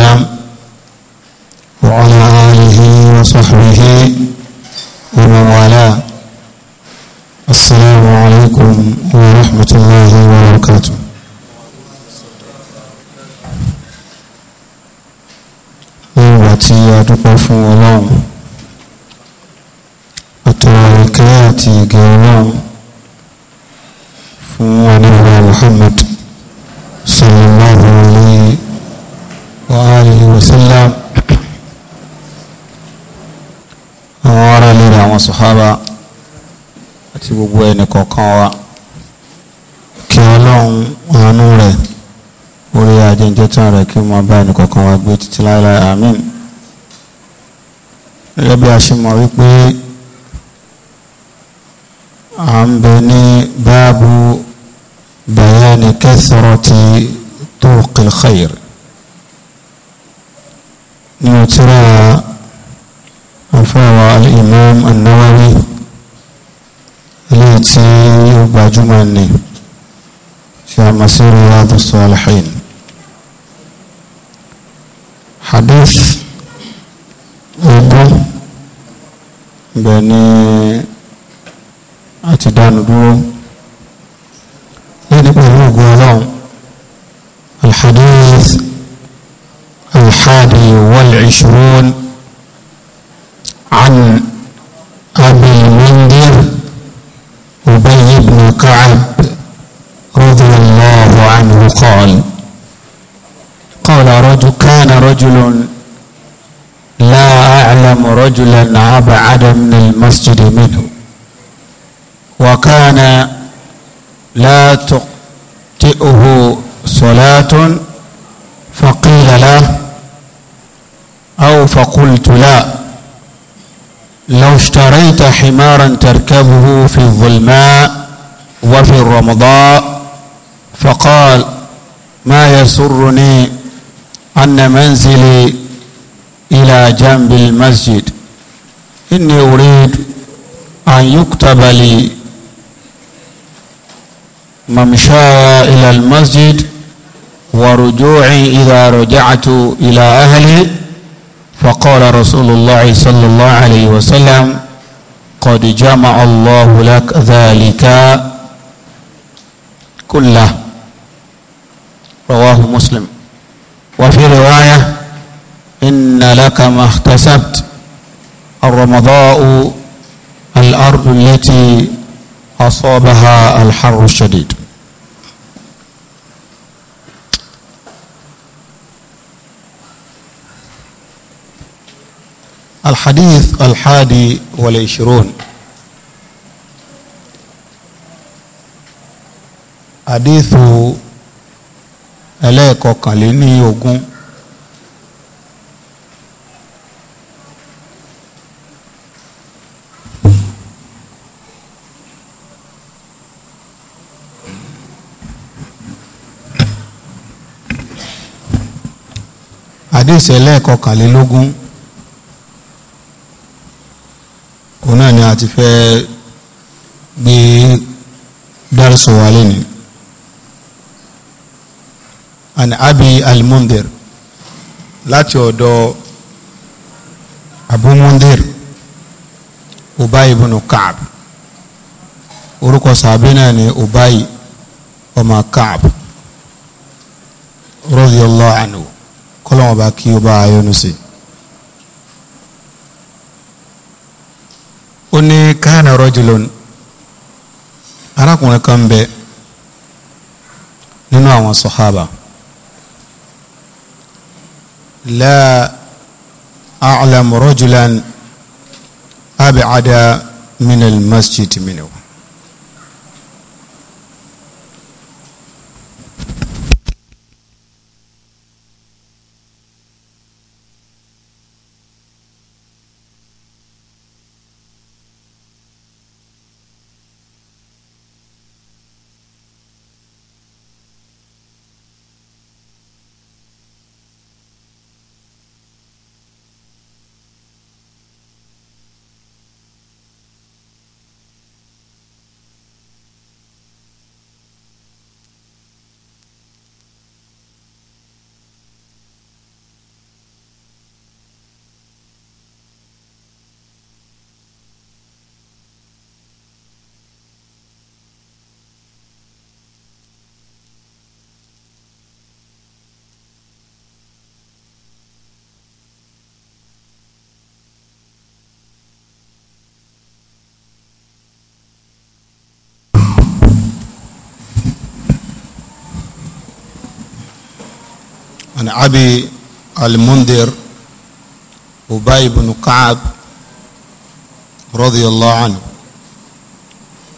وسلم وعلى آله وصحبه ومن والاه السلام عليكم ورحمة الله وبركاته nígbà tí a dúpẹ́ fún ọlọ́run àtọ̀rọ̀ ìkẹ́ àti ìgẹ̀ ọlọ́run fún anábìrì Muhammad sallallahu alihi wa sallam àwọn ará ilé rẹ̀ àwọn sàhábà àti gbogbo ẹnì kọ̀ọ̀kan wa kí ọlọ́run àánú rẹ̀ orí ajẹ́jẹ́ tán rẹ̀ kí wọ́n bá ẹnì kọ̀ọ̀kan wa gbé títí láéláé àmín gẹ́gẹ́ bí a ṣe mọ̀ wípé à ń bẹ ní báàbù bayani kathrati turuqil khair ní tíra àfáàwà al-Imam an-Nawawi ilé tí ó gbajúmọ̀ ní tí a mọ̀ sí Riyadus Salihin hadith ogún bẹ̀ ni a ti dánu dúró lẹ́ni pẹ̀lú ògùn ọlọ́run al الحادي والعشرون عن أبي المنذر أبي بن كعب رضي الله عنه قال قال رجل كان رجل لا أعلم رجلا أبعد من المسجد منه وكان لا تقطئه صلاة فقيل له أو فقلت لا لو اشتريت حمارا تركبه في الظلماء وفي الرمضاء فقال ما يسرني أن منزلي إلى جنب المسجد إني أريد أن يكتب لي ممشاي إلى المسجد ورجوعي إذا رجعت إلى أهلي فقال رسول الله صلى الله عليه وسلم قد جمع الله لك ذلك كله رواه مسلم وفي رواية إن لك ما احتسبت الرمضاء الأرض التي أصابها الحر الشديد الحديث الحادي والعشرون حديث ẹlẹ́ẹ̀kọkànléní ogún àdéhùn ẹlẹ́ẹ̀kọkànlélógún. òun náà ni a ti fẹ́ gbé dárúsọ wa lónìí. an abi al-mundir láti ọ̀dọ̀ abu mundir ubayi ibn kaab orúkọ sàbí náà ni ubayi ọmọ kaab radiyallahu anhu kọ́lọ́wọ́n bá kí ọba ayọ́nu sí ó ní káànà rọ́jùlọ́n arákùnrin kan bẹ nínú àwọn sọ̀hábà láà a'lamu rọ́jùlọ́n ab'ada minal masjid minhu. عن أبي المنذر أبي بن كعب رضي الله عنه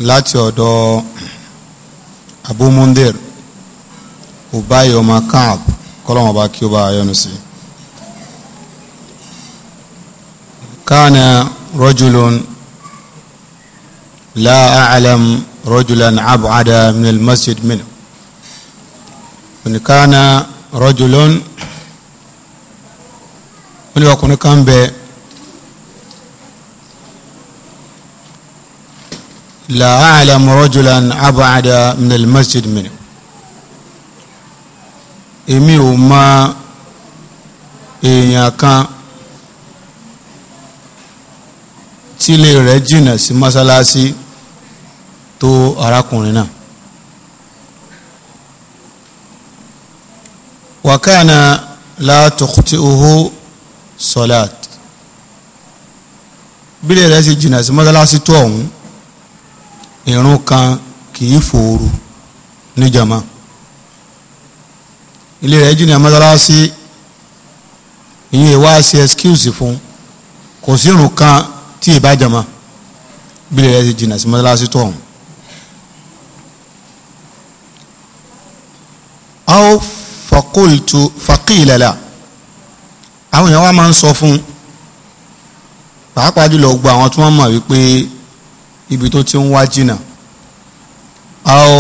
láti ọ̀dọ̀ Abu Mundir Ubay ọmọ Ka'ab kọ́lọ́mọ̀ bá kí ó bá yọ́nú sí kana rajulun la a'lam rajulan ab'ada min al-masjid min kana rajulun wọ́n ní ọkùnrin kan bẹ la a'lamu rajulan ab'ada min al-masjid min èmi ò mọ èèyàn kan tílé rẹ̀ jìnnà sí mọ́sálásí tó arákùnrin náà وكان لا تخطئه صلاة bílẹ̀ rẹ̀ ṣe jìnnà sí mọ́sálásí tó ọ̀hún ìrun kan kì í fòoru níjàmá ilé rẹ̀ jìnnà mọ́sálásí ìyẹn wá sí excuse fún kò sí ìrun kan tí ì bá jàmá bílẹ̀ rẹ̀ ṣe jìnnà sí mọ́sálásí tó ọ̀hún faqultu faqila la àwọn èèyàn wa máa ń sọ fún pàápàá jùlọ gbogbo àwọn tí wọ́n mọ̀ wípé ibi tó ti ń wá jìnnà aw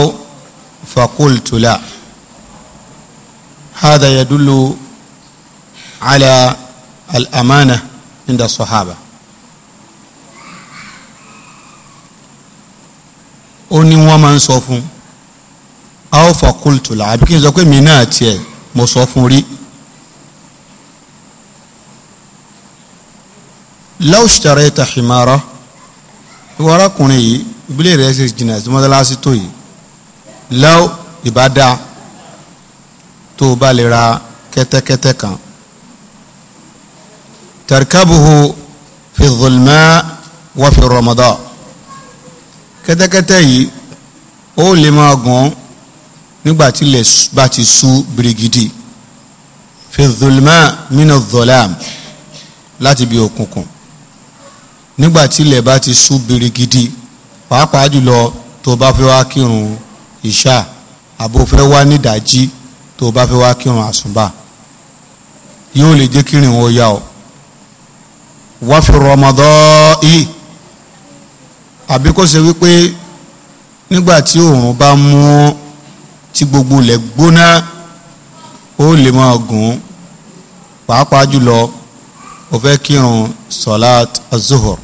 faqultu la hadha yadullu ala al inda sahaba. ó ní wọ́n máa ń sọ fún aw fa kultu la àbí kí n sọ pé mi náà tiẹ̀ mo sọ fún rí. law ishtarayta himara ìwọ arákùnrin yìí ìbílẹ̀ rẹ̀ ṣe jìnnà sí mọ́tàlásí tó yìí law ìbádá tó o bá lè ra kẹ́tẹ́kẹ́tẹ́ kan tarkabuhu fi dhulma fi ramada kẹ́tẹ́kẹ́tẹ́ yìí ó lè máa gùn nígbà tí ilẹ̀ bá ti ṣú birigidi fi dhulma mina dholam láti bí òkùnkùn nígbà tí ilẹ̀ bá ti ṣú birigidi pàápàá jùlọ tó bá fẹ́ wá kírun ìṣá àbò fẹ́ wá nídàájí tó bá fẹ́ wá kírun àsùnbà yóò lè jẹ́ kírun ó yá o wá fi rọmọdọ́ yìí àbí ṣe wípé nígbà tí bá mú tí gbogbo ilẹ̀ gbóná ó lè máa gùn pàápàá jùlọ ó fẹ́ kírun salat azuhur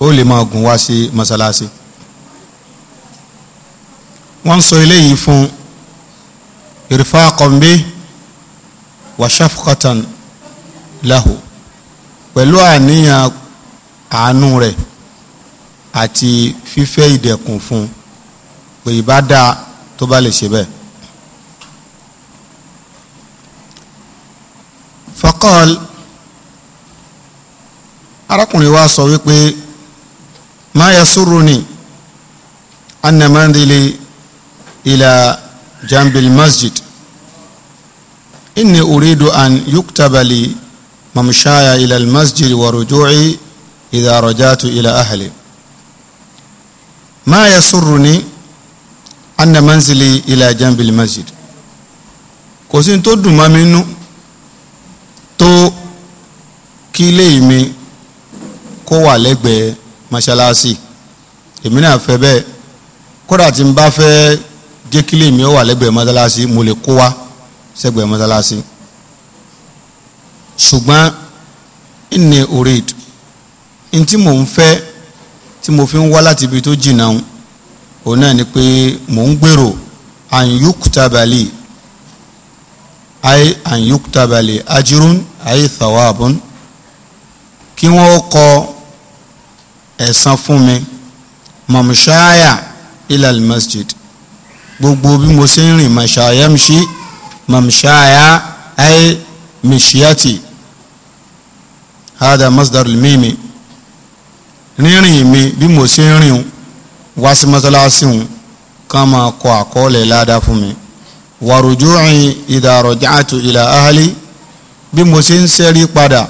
ó lè máa gùn wá sí masalasi wọ́n sọ eléyìí fún irfaqan bi wa shafqatan lahu pẹ̀lú àníyàn àánú rẹ̀ àti fífẹ́ ìdẹ̀kùn fún pé ìbá dáa tó bá lè ṣe bẹ́ẹ̀. faqal arákùnrin wa sọ wípé ma yasurruni anna mandili ila jambil masjid inni uridu an yuktaba li mamshaya ila al masjid wa ruju'i idha rajatu ila ahli ma yasurruni anna manzili ila jambil masjid kò sí tó dùn mọ́ mi nú tó kí ilé mi kó wà lẹ́gbẹ̀ẹ́ mọ́ṣáláṣí èmi náà fẹ́ bẹ́ẹ̀ kódà tí n bá fẹ́ jẹ́ kí ilé mi ó wà lẹ́gbẹ̀ẹ́ mọ́ṣáláṣí mo lè kó wá sẹ́gbẹ̀ẹ́ mọ́ṣáláṣí ṣùgbọ́n inni urid ntí mò ń fẹ́ tí mo fi ń wá láti ibi tó jìnnà ń òun náà ni pé mò ń gbèrò àyùkútàbàlì ayé àyùkútàbàlì ajirun ayé thawabun kí wọ́n kọ ẹ̀san fún mi mamshaya ilal masjid gbogbo bí mo ṣe ń rìn mashayamshi mamshaya ayé mishiyati hada masdar mimi rírìn mi bí mo ṣe ń rìn o wá sí mọ́sálásí òun kán máa kọ àkọọ́lẹ̀ ládàá fún mi wàrùjúrin ìdàrọ̀jáàtò ìlà ahálí bí mo ṣe ń ṣẹ́rí padà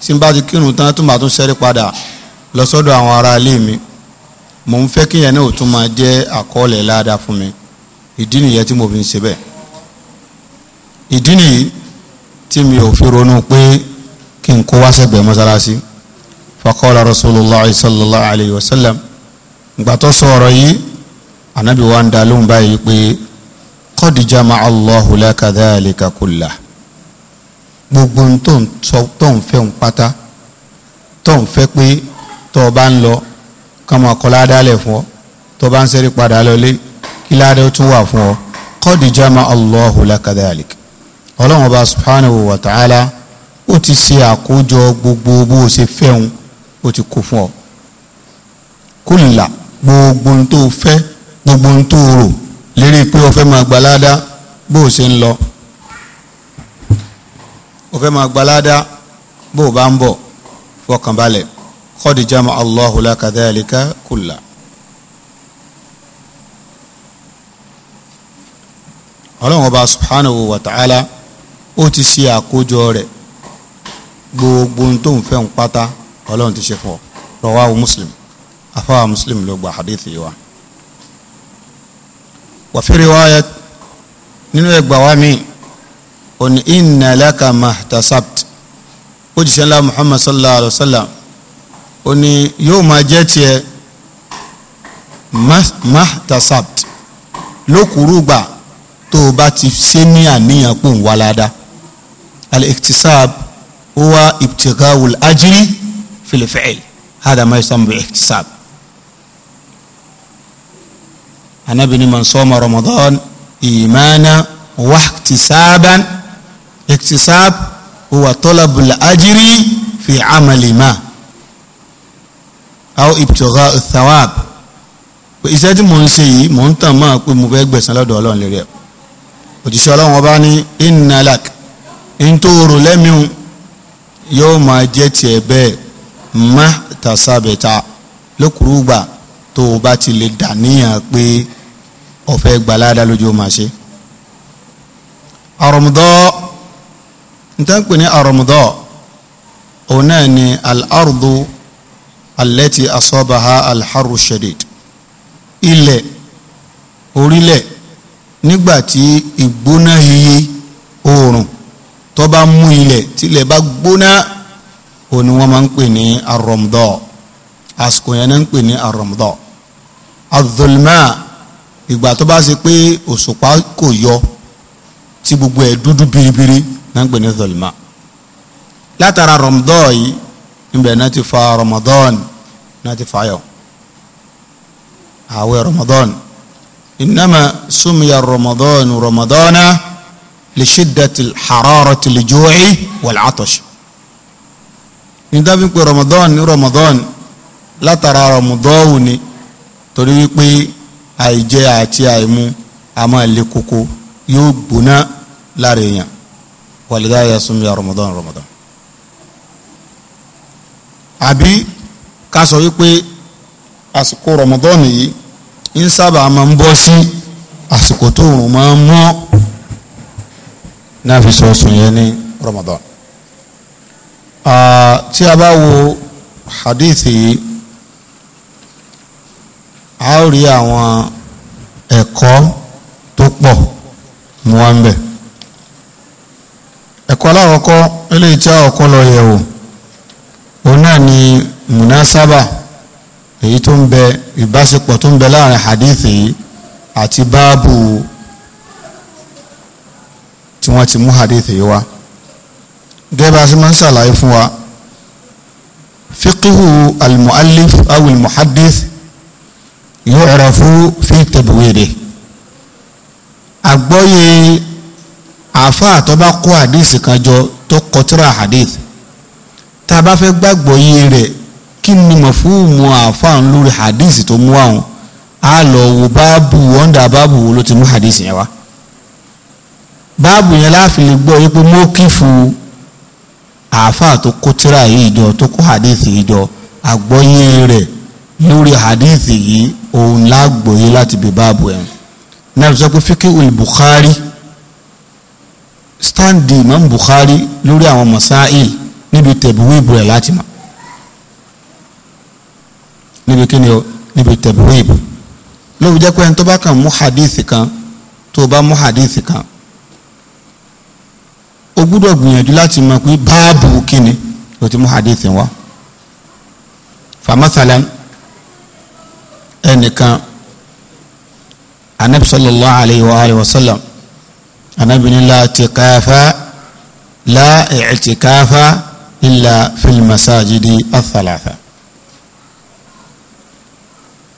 tí n bá ti kírun tán tó máa tún ṣẹ́rí padà lọ sọ́dọ̀ àwọn ará ilé mi mò ń fẹ́ kíyẹn náà tún máa jẹ́ àkọọ́lẹ̀ ládàá fún mi ìdí mo fi ń ṣe bẹ́ẹ̀ ìdí mi ò fi ronú pé kí n kó wá sẹ́gbẹ̀ẹ́ mọ́sálásí faqala sallallahu alayhi wa sallam ìgbà tó sọ ọ̀rọ̀ yìí anabi wa ń da lóhùn báyìí pé qad jama'a Allahu laka dhalika kullah gbogbo tó ń fẹ́ ń pátá tó ń fẹ́ pé tó o bá ń lọ ká máa kọ́ fún ọ tó bá ń sẹ́rí padà lọlé kí ládàá tún wà fún ọ qad jama'a Allahu laka dhalika ọlọ́run ọba subhanahu wa ta'ala ó ti ṣe àkójọ gbogbo bó ṣe fẹ́ òun ó ti kó fún ọ kúlìlà gbogbo ohun tó fẹ́ gbogbo ohun tó rò lérí pé o fẹ́ máa gbalada bó o ṣe ń lọ o fẹ́ máa gbalada bó o bá ń bọ̀ fọkànbalẹ̀ kọ́ọ̀dì jama allahu laka dhalika kulla. ọlọ́run ọba subhanahu wa ta'ala ó ti ṣe àkójọ rẹ̀ gbogbo ohun tó ń fẹ́ ń pátá ọlọ́run ti ṣe fún ọ rawahu muslim afáwa muslim ló gba hadithi wa wàfi riwayat nínú ẹgbà wa mi òní inna laka mahtasabt ó jìṣẹ́ ńlá muhammad sallallahu alayhi wa sallam ó ní yóò máa jẹ́ tiẹ̀ mahtasabt lókùrúgbà tó o bá ti ṣe ní àníyàn pò ń wá ládàá al-iktisab huwa ibtighawul ajri fil fi'l hada ma yusamma bi-iktisab. anabi ni man soma ramadan imana wahtisaban iktisab huwa talabul ajri fi amali ma aw ibtigha athawab iṣẹ́ tí mò ń ṣe yìí mò ń tàn máa pé mo fẹ́ gbẹ̀sán lọ́dọ̀ ọlọ́run lérí ẹ̀ òjíṣẹ́ ọlọ́run ọba ní innalak ntòrò lẹ́mìún yóò máa jẹ́ tiẹ̀ bẹ́ẹ̀ má tàṣàbẹ̀ta lókùrúgbà tó o bá ti lè dà níyàn pé ọ̀fẹ́ gbalada lójú ó máa ṣe àrọ̀mùdọ́ ntẹ́ǹpẹ̀ ní àrọ̀mùdọ́ òun náà ni al-ardu allati asọ́baha al-harru shadid ilẹ̀ orílẹ̀ nígbàtí ìgbóná yeye oòrùn tó bá mú ilẹ̀ tílẹ̀ bá gbóná òun ni wọ́n máa ń pè ní àrọ̀mùdọ́ àsìkò yẹn náà ń pè ní àrọ̀mùdọ́ azulmaa ìgbà tó bá ṣe pé òṣùpá kò yọ tí gbogbo ẹ̀ dúdú biribiri náà ń pè ní zolima látara rọmọdọ́ọ̀ yìí níbẹ̀ náà ti fa rọmọdọ́ọ̀n náà ti fa yọ àwẹ̀ rọmọdọ́ọ̀n innama sumiya rọmọdọ́ọ̀n rọmọdọ́ọ̀nà lè ṣídàtì xarọ́rọ̀ tìlẹ̀ jùwẹ̀ wàlẹ̀ àtọ̀ṣe nítorí pé rọmọdọ́ọ̀n ní rọmọdọ́ọ̀n látara rọmọdọ́ọ̀n ni torí wípé. àìjẹ àti àìmu a ma le koko yóò gbóná lára èèyàn wàlídà yà sún ya Ramadan Ramadan. àbí ká sọ wípé àsìkò Ramadan yìí ń sábà máa ń bọ́ sí àsìkò tó rùn máa ń mọ́ náà fi sọ sùn yẹn ní Ramadan. tí a bá wo hadithi yìí. a ó rí àwọn ẹ̀kọ́ tó pọ̀ mú wa ń bẹ̀ ẹ̀kọ́ alákọ̀ọ́kọ́ eléyìí tí a ọ̀kọ́ lọ yẹ̀wò òun náà ni munasaba èyí tó ń bẹ ìbáṣepọ̀ tó ń bẹ láàrin hadith yìí àti báàbù tí wọ́n ti mú hadith yìí wá gẹ́gẹ́ bá a ṣe máa ń ṣàlàyé fún wa fiqhu al-mu'allif aw al-muhaddith yu'rafu fi tabwiri àgbọ́yé àáfàá tó bá kó hadith kan jọ tó kọtíra hadith taba a bá fẹ́ gbàgbọ́yé rẹ̀ kí ni mọ̀fúùmù àáfàá ń lórí hadith tó mú àwọn a lọ wo báàbù wọ́ndà báàbù wo ló ti mú hadith yẹn wá báàbù yẹn láàfin lè gbọ́ wípé mo kí fún àáfàá tó kọtíra yìí jọ tó kó hadith yìí jọ àgbọ́yé rẹ̀ lórí hadithi yìí òun lágbòye láti bí báàbò ẹ̀ náà sọ pé fíkìwì Bukhari standi Imam Bukhari lórí àwọn masáìl níbi tẹ̀bùwíìbù rẹ̀ láti mọ̀ níbi kí ni o níbi tẹ̀bùwíìbù lóbi jẹ́ pé ẹni tó bá kàn mú hadithi kan tó bá mú hadithi kan o gbúdọ̀ gbìyànjú láti mọ̀ pé báàbù kí ni o ti mú hadithi wa fàmásálàmù ẹnìkan anabi sallallahu alayhi wa alayhi wa sallam anabi ni la tikafa la i'tikafa illa fil masajidi athalatha.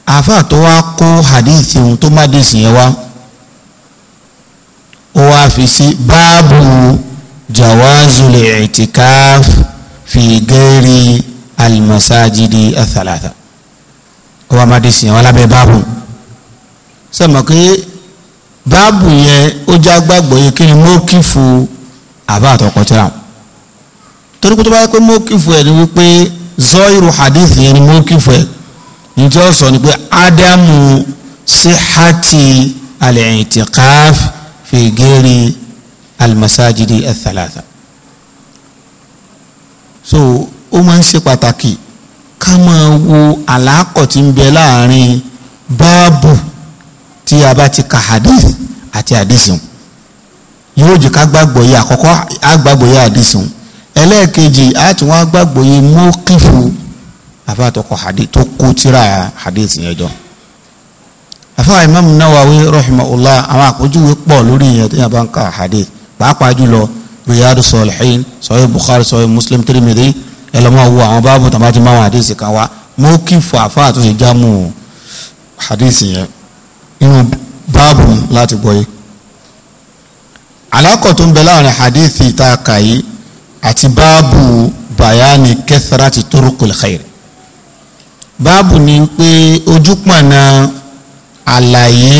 àfa tó wá kó hadithi ohun tó má dín sìn yẹn wá ó wá fi sí báàbù jawazul i'tikaf fi ghairi al masajidi athalatha ọwọ́ amadisi àwọn alábẹ́ báàbù sọ̀mọ́ pé báàbù yẹn ó já gbàgbọ́ yẹ kí ni mo kì fún àbá àtọkọtìrà torí pé tó bá yẹ pé mo kì fún ẹ ni wípé zọ́ọ̀rù hadith yẹn ni mo kì fún ẹ njẹ́ ó sọ ni pé ádámù síhàtì al-i'tikaf fi ghairi al-masajidi al so ó máa ń ṣe pàtàkì ká máa wo àlákọ̀ tí ń bẹ láàrin báàbù tí a bá ti ka hadith àti hadithin yóò jẹ́ ká gbàgbọ́ yé àkọ́kọ́ á gbàgbọ́ yé ẹlẹ́ẹ̀kejì á tún wá gbàgbọ́ mọ́kìfù àfàtọkọ hadith tó kó tíra hadith yẹn jọ àfáà imam Nawawi rahimahullah àwọn àpèjúwe pọ̀ lórí ìyẹn tó yẹn bá ń ka hadith pàápàá jùlọ Riyadu Salihin Sahih Bukhari Sahih Muslim Tirmidhi ẹ lọ́ máa wo àwọn báàbù tó máa ti máa wọn àdéhìsì kan wá mo kì fọ àfáà tó ṣe jámù àdéhìsì yẹn inú báàbù láti gbọ́ yìí alákọ̀ tó ń bẹ láàrin hadithi tá a kà yìí àti báàbù bayani kathrati turuqil khair báàbù ni pé ojúpọ̀nà àlàyé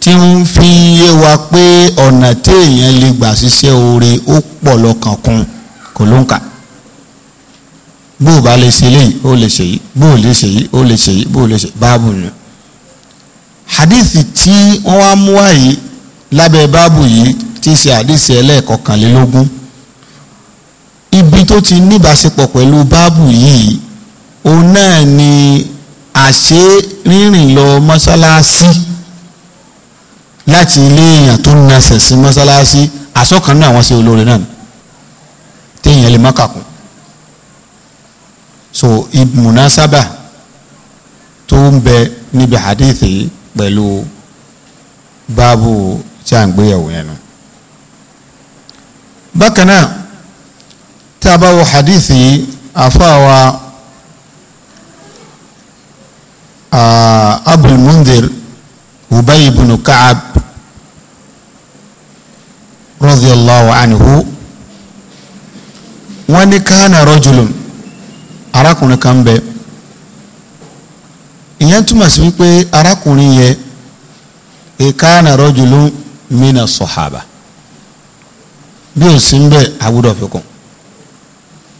tí ń fi yé wa pé ọ̀nà téèyàn lè gbà ṣiṣẹ́ oore ó pọ̀ lọ́kàn kún kò ló ń kà bó o bá lè ṣe eléyìí ó lè ṣe yìí bó o lè ṣe yìí ó lè ṣe yìí bó o lè ṣe báàbù ni hadithi tí wọ́n wá mú wá yìí lábẹ́ báàbù yìí tí í ṣe hadithi ẹlẹ́ẹ̀kọkànlélógún ibi tó ti níbáṣepọ̀ pẹ̀lú báàbù yìí òun náà ni àṣé rírìn lọ mọ́ṣáláṣí láti ilé èèyàn tó nasẹ̀ sí mọ́ṣáláṣí àsọ̀kan náà wọ́n ṣe olóore náà téèyàn lè má kàkún so munasaba tó ń bẹ níbi hadithi pẹ̀lú báàbù tí a ń gbéyàwó yẹn nu bákan náà tí a bá wo hadithi àfáàwá abul mundir ubay ibn ka'ab radiyallahu anhu wọ́n ní kánà rajulun arákùnrin kan ń bẹ ìyẹn túmọ̀ sí wípé arákùnrin yẹn ìkaana rajulun mina sọ̀hábà bí ó sì ń bẹ àwùdọ̀ fi kún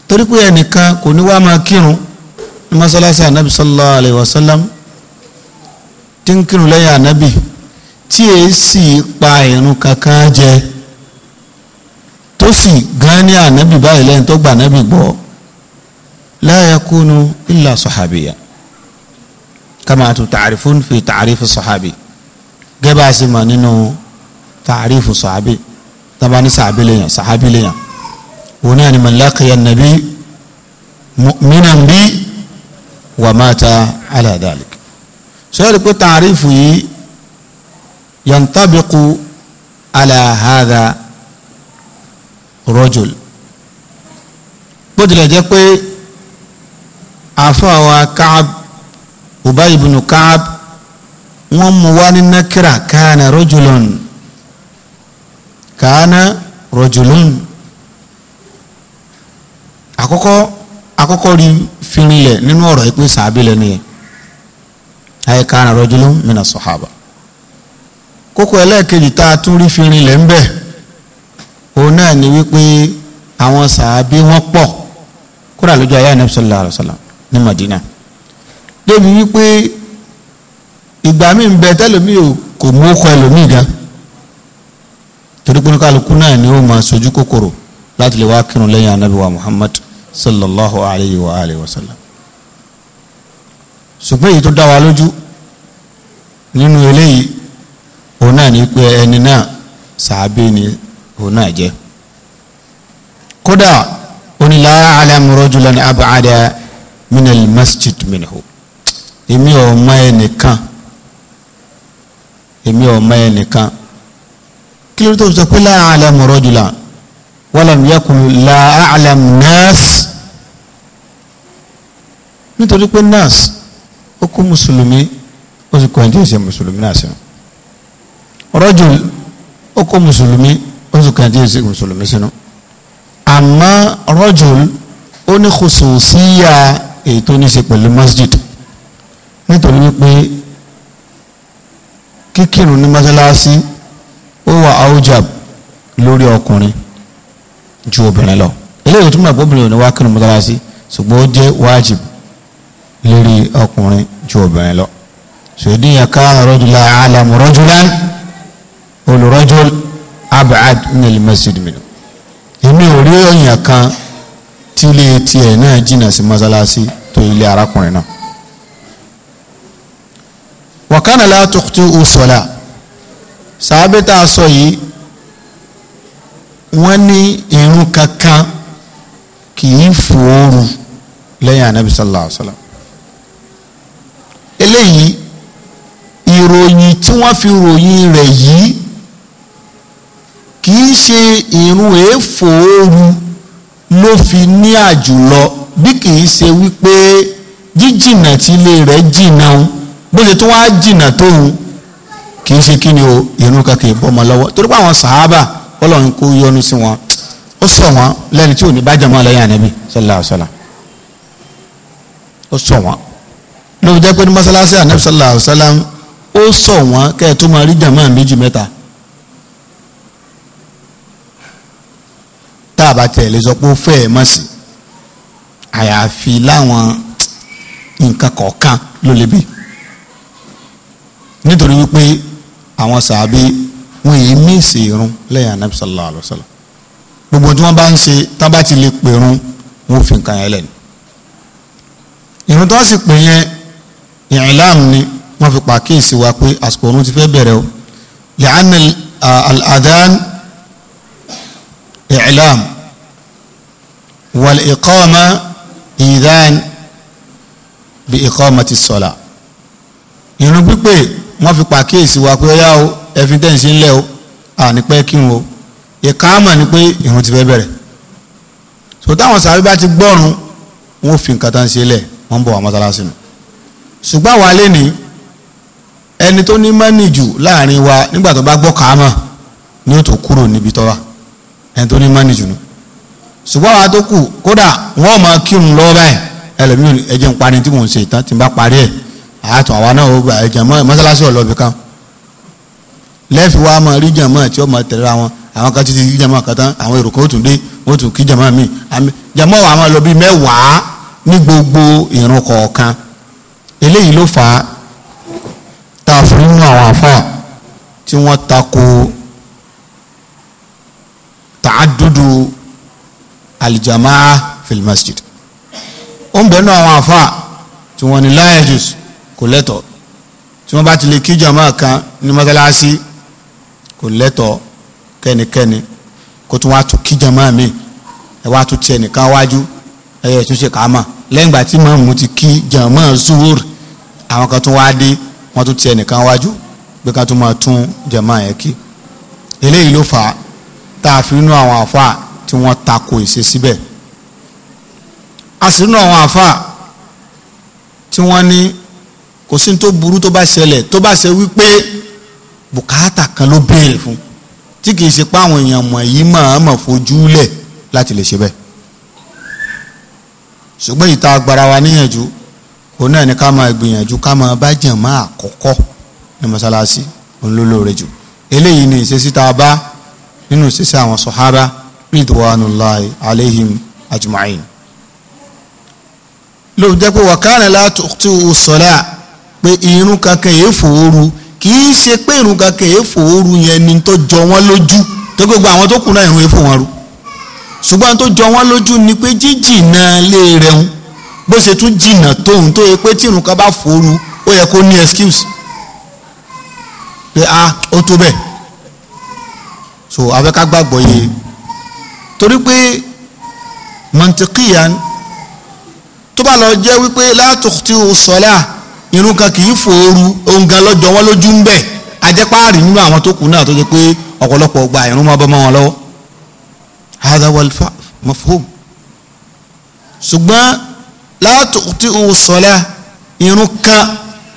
torí pé ẹnìkan kò ní wá máa kírun ní masalasi anabi sallallahu alayhi wa sallam tí ń kírun lẹ́yìn anabi tí èé sì pa irun kankan jẹ tó sì gan ní anabi báyìí lẹ́yìn tó gba anabi gbọ́ la yakunu illa sọ̀hábìyà kama tu taarifun fi taarifu sọ̀hábì gẹ́gẹ́ bá ma nínú taarifu sọ̀hábì tabani sàhábì lèyàn sàhábì lèyàn wọn náà ni man laqiya nabi mu'minan bi wa mata ala dhalik sọ́yẹ́rì pé taarifu yìí yantabiqu ala hadha rajul bó tilẹ̀ jẹ́ pé àfọwà Ka'ab Ubay ibn Ka'ab wọ́n mú wá ní nakira kana rojulon kana rojulon àkọ́kọ́ àkọ́kọ́ rí fínrinlẹ̀ nínú ọ̀rọ̀ ìpín sàbílẹ̀ nìyẹn ayé kana rojulon mina sọ̀hábà kókó ẹlẹ́ẹ̀kejì tá a tún rí fínrinlẹ̀ ń bẹ òun náà ni wípé àwọn sàábí wọ́n pọ̀ kódà lójú ayé anabi sallallahu alayhi ní Madina débi wípé ìgbà mi ń bẹ tẹlomi ò kò mú kọ ẹlòmíì gan torí pé kálukú náà ni ó máa sojú kòkòrò láti lè wá kírun lẹ́yìn anabi wa Muhammad sallallahu alayhi wa alayhi wa sallam ṣùgbọ́n èyí tó dá wa lójú nínú eléyìí òun náà ní pé ẹni náà sàábé ni òun náà jẹ́ kódà onílà alamu rajulan ab'ada minal masjid minhu èmi ò mọ ẹnìkan èmi ò mọ ẹnìkan kí ló dé tó sọ pé la a'lamu rajula walam yakun la a'lamu nas nítorí pé nas ó kó mùsùlùmí ó sì kó ẹni tí ń ṣe mùsùlùmí náà sínú rajul ó kó mùsùlùmí ó sì kó ẹni tí ń ṣe èyí tó ní í ṣe pẹ̀lú masjid nítorí wípé kíkírun ní mọ́sálásí ó wà áwùjàb lórí ọkùnrin ju obìnrin lọ eléyìí túmọ̀ pé obìnrin ò ní wá kírun mọ́sálásí ṣùgbọ́n ó jẹ́ wájib lórí ọkùnrin ju obìnrin lọ ṣòdí yẹn rọ́júlá alamu rọ́júlán olùrọ́júl abad nílùú masjid mi èmi ò rí èèyàn kan tí ilé tiẹ̀ náà jìnnà sí mọ́sálásí tó ilé arákùnrin náà. wàkánà látòkútù ọ̀sọ̀là sàábẹ́ tá a sọ yìí wọ́n ní irun kankan kì í fòoru lẹ́yìn anabi sallallahu alayhi wa sallam eléyìí ìròyìn tí wọ́n fi ròyìn rẹ̀ yìí kì í ṣe irun èèfòoru. E ló fi ní àjùlọ bí kì í ṣe wípé jíjìnà tí ilé rẹ̀ jìnà ń bó ṣe tó wá jìnà tóun kì í ṣe kí ni o ìrun kankan ìbọn ọmọ torí pé àwọn sàhábà ọlọ́run kó yọ́nú sí wọn ó sọ wọn lẹ́ni tí ò ní bájà mọ́ lẹ́yìn ànábì sallallahu alaihi wasallam ó sọ wọn ló fi jẹ́ pé ní mọ́sálásí ànábì sallallahu alaihi wasallam ó sọ wọn kẹ́ ẹ̀ tó máa rí jàmáà méjì mẹ́ta tá a bá tẹ̀ lè sọ pé ó fẹ́ ẹ̀ mọ̀ sí àyàfi láwọn nǹkan kọ̀ọ̀kan ló lè bí nítorí wípé àwọn sàábí wọn èyí mísì irun lẹ́yìn anabi sallallahu alayhi wa sallam gbogbo tí wọ́n bá ń ṣe tá bá ti lè pè irun wọn ò fi nǹkan yẹn lẹ́nu irun tó sì pè yẹn ìrìnlám ni wọ́n fi pàkíyèsí wa pé àsìkò òun ti fẹ́ bẹ̀rẹ̀ o li'anna al-adhan ìrìnlám. والإقامة إذان بإقامة الصلاة irun pípé wọ́n fi pàkíyèsí wa pé ọyá o ẹfin tẹ̀sí ńlẹ̀ o àní pẹ́ kírun o ìkáàmà ni pé irun ti fẹ́ bẹ̀rẹ̀ so táwọn sàbí bá ti gbọ́run wọn ò fi nǹkan tán ṣe lẹ̀ wọ́n ń bọ̀ wá mọ́sálásí nù ṣùgbọ́n àwa lé ní ẹni tó ní mọ́nì jù láàrin wa nígbà tó bá gbọ́ kàámà ni ó tó kúrò níbi tó wà ẹni tó ní mọ́nì jù nù ṣùgbọ́n àwọn tó kù kódà wọ́n máa kírun lọ́wọ́ báyìí ẹlòmíràn ẹjẹ̀ ń parí tí mò ń ṣe ìtàn tí n bá parí ẹ̀ àtọ̀ àwa náà ó gba ẹ̀jẹ̀ mọ́ mọ́sálásí ọ̀lọ́bì kan lẹ́ẹ̀fì wa máa rí jàmọ́ tí ó máa tẹ̀lé àwọn àwọn kan títí rí jàmọ́ kan tán àwọn èrò kan ó tún dé wọ́n tún kí jàmọ́ mi jàmọ́ wa máa lọ bí mẹ́wàá ní gbogbo ìrun kọ̀ọ̀kan eléyìí ló fà á tá fún àwọn àfà tí wọ́n tako tààdúdú aljamaa fil masjid ó ń bẹ̀rù àwọn afa tí wọ́n ní láyẹ̀jùs kò lẹ́tọ̀ tí wọ́n bá ti lè kí jamaa kan ní mọ́tàláṣí kò lẹ́tọ̀ kẹ́nikẹ́ni kó tún wá tún kí jamaa mi ẹ wá tún tiẹ̀ nìkan wájú ẹ yẹ tún ṣe kàá mọ̀ lẹ́yìn ìgbà tí màmú ti kí jamaa zuhur àwọn kan tún wá dé wọ́n tún tiẹ̀ nìkan wájú pé ká tún máa tún jamaa yẹn kí eléyìí ló fà á tá a fi inú àwọn àfa tí wọ́n tako ìṣesí bẹ́ẹ̀ àṣírí náà wọn àfa tí wọ́n ní kò sí tó burú tó bá ṣẹlẹ̀ tó bá ṣe wípé bùkátà kan ló béèrè fún tí kì í ṣe pé àwọn èèyàn mọ̀ yìí mọ̀ọ́mọ̀ fojú lẹ̀ láti lè ṣe bẹ́ẹ̀ ṣùgbọ́n ìta agbára wa níyànjú òun náà ni ká máa gbìyànjú ká máa bá jẹ̀ máa àkọ́kọ́ ní mọ́sálásí òun ló lóore jù eléyìí ni ìṣesí tá a bá nínú ìṣesí àwọn sọ̀hábà ridwanullahi alaihim ajma'in ló jẹ́ pé wàkánà látòkútù sọ́lá pé irun kankan èé fòoru kì í ṣe pé irun kankan èé fòoru yẹn ni tó jọ wọ́n lójú tó gbogbo àwọn tó kù náà irun èé fò wọ́n rú ṣùgbọ́n tó jọ wọ́n lójú ni pé jíjìnà lé rẹun bó ṣe tún jìnà tóun tó yẹ pé tí irun kan bá fòoru ó yẹ kó ní excuse pé a ah, ó tó bẹ́ẹ̀ so abẹ́ká gbàgbọ́ yìí torí pé mọ̀ntìkìyàn tó bá lọ jẹ́ wípé látòkùtì sọ́lá irun kan kì í fòoru ohun gan lọ́jọ́ wọn lójú ń bẹ̀ ajẹ́páàrí nínú àwọn tó kù náà tó jẹ́ pé ọ̀pọ̀lọpọ̀ gba irun máa bọ́ mọ́ wọn lọ́wọ́ hadha wal ṣùgbọ́n látòkùtì sọ́lá irun kan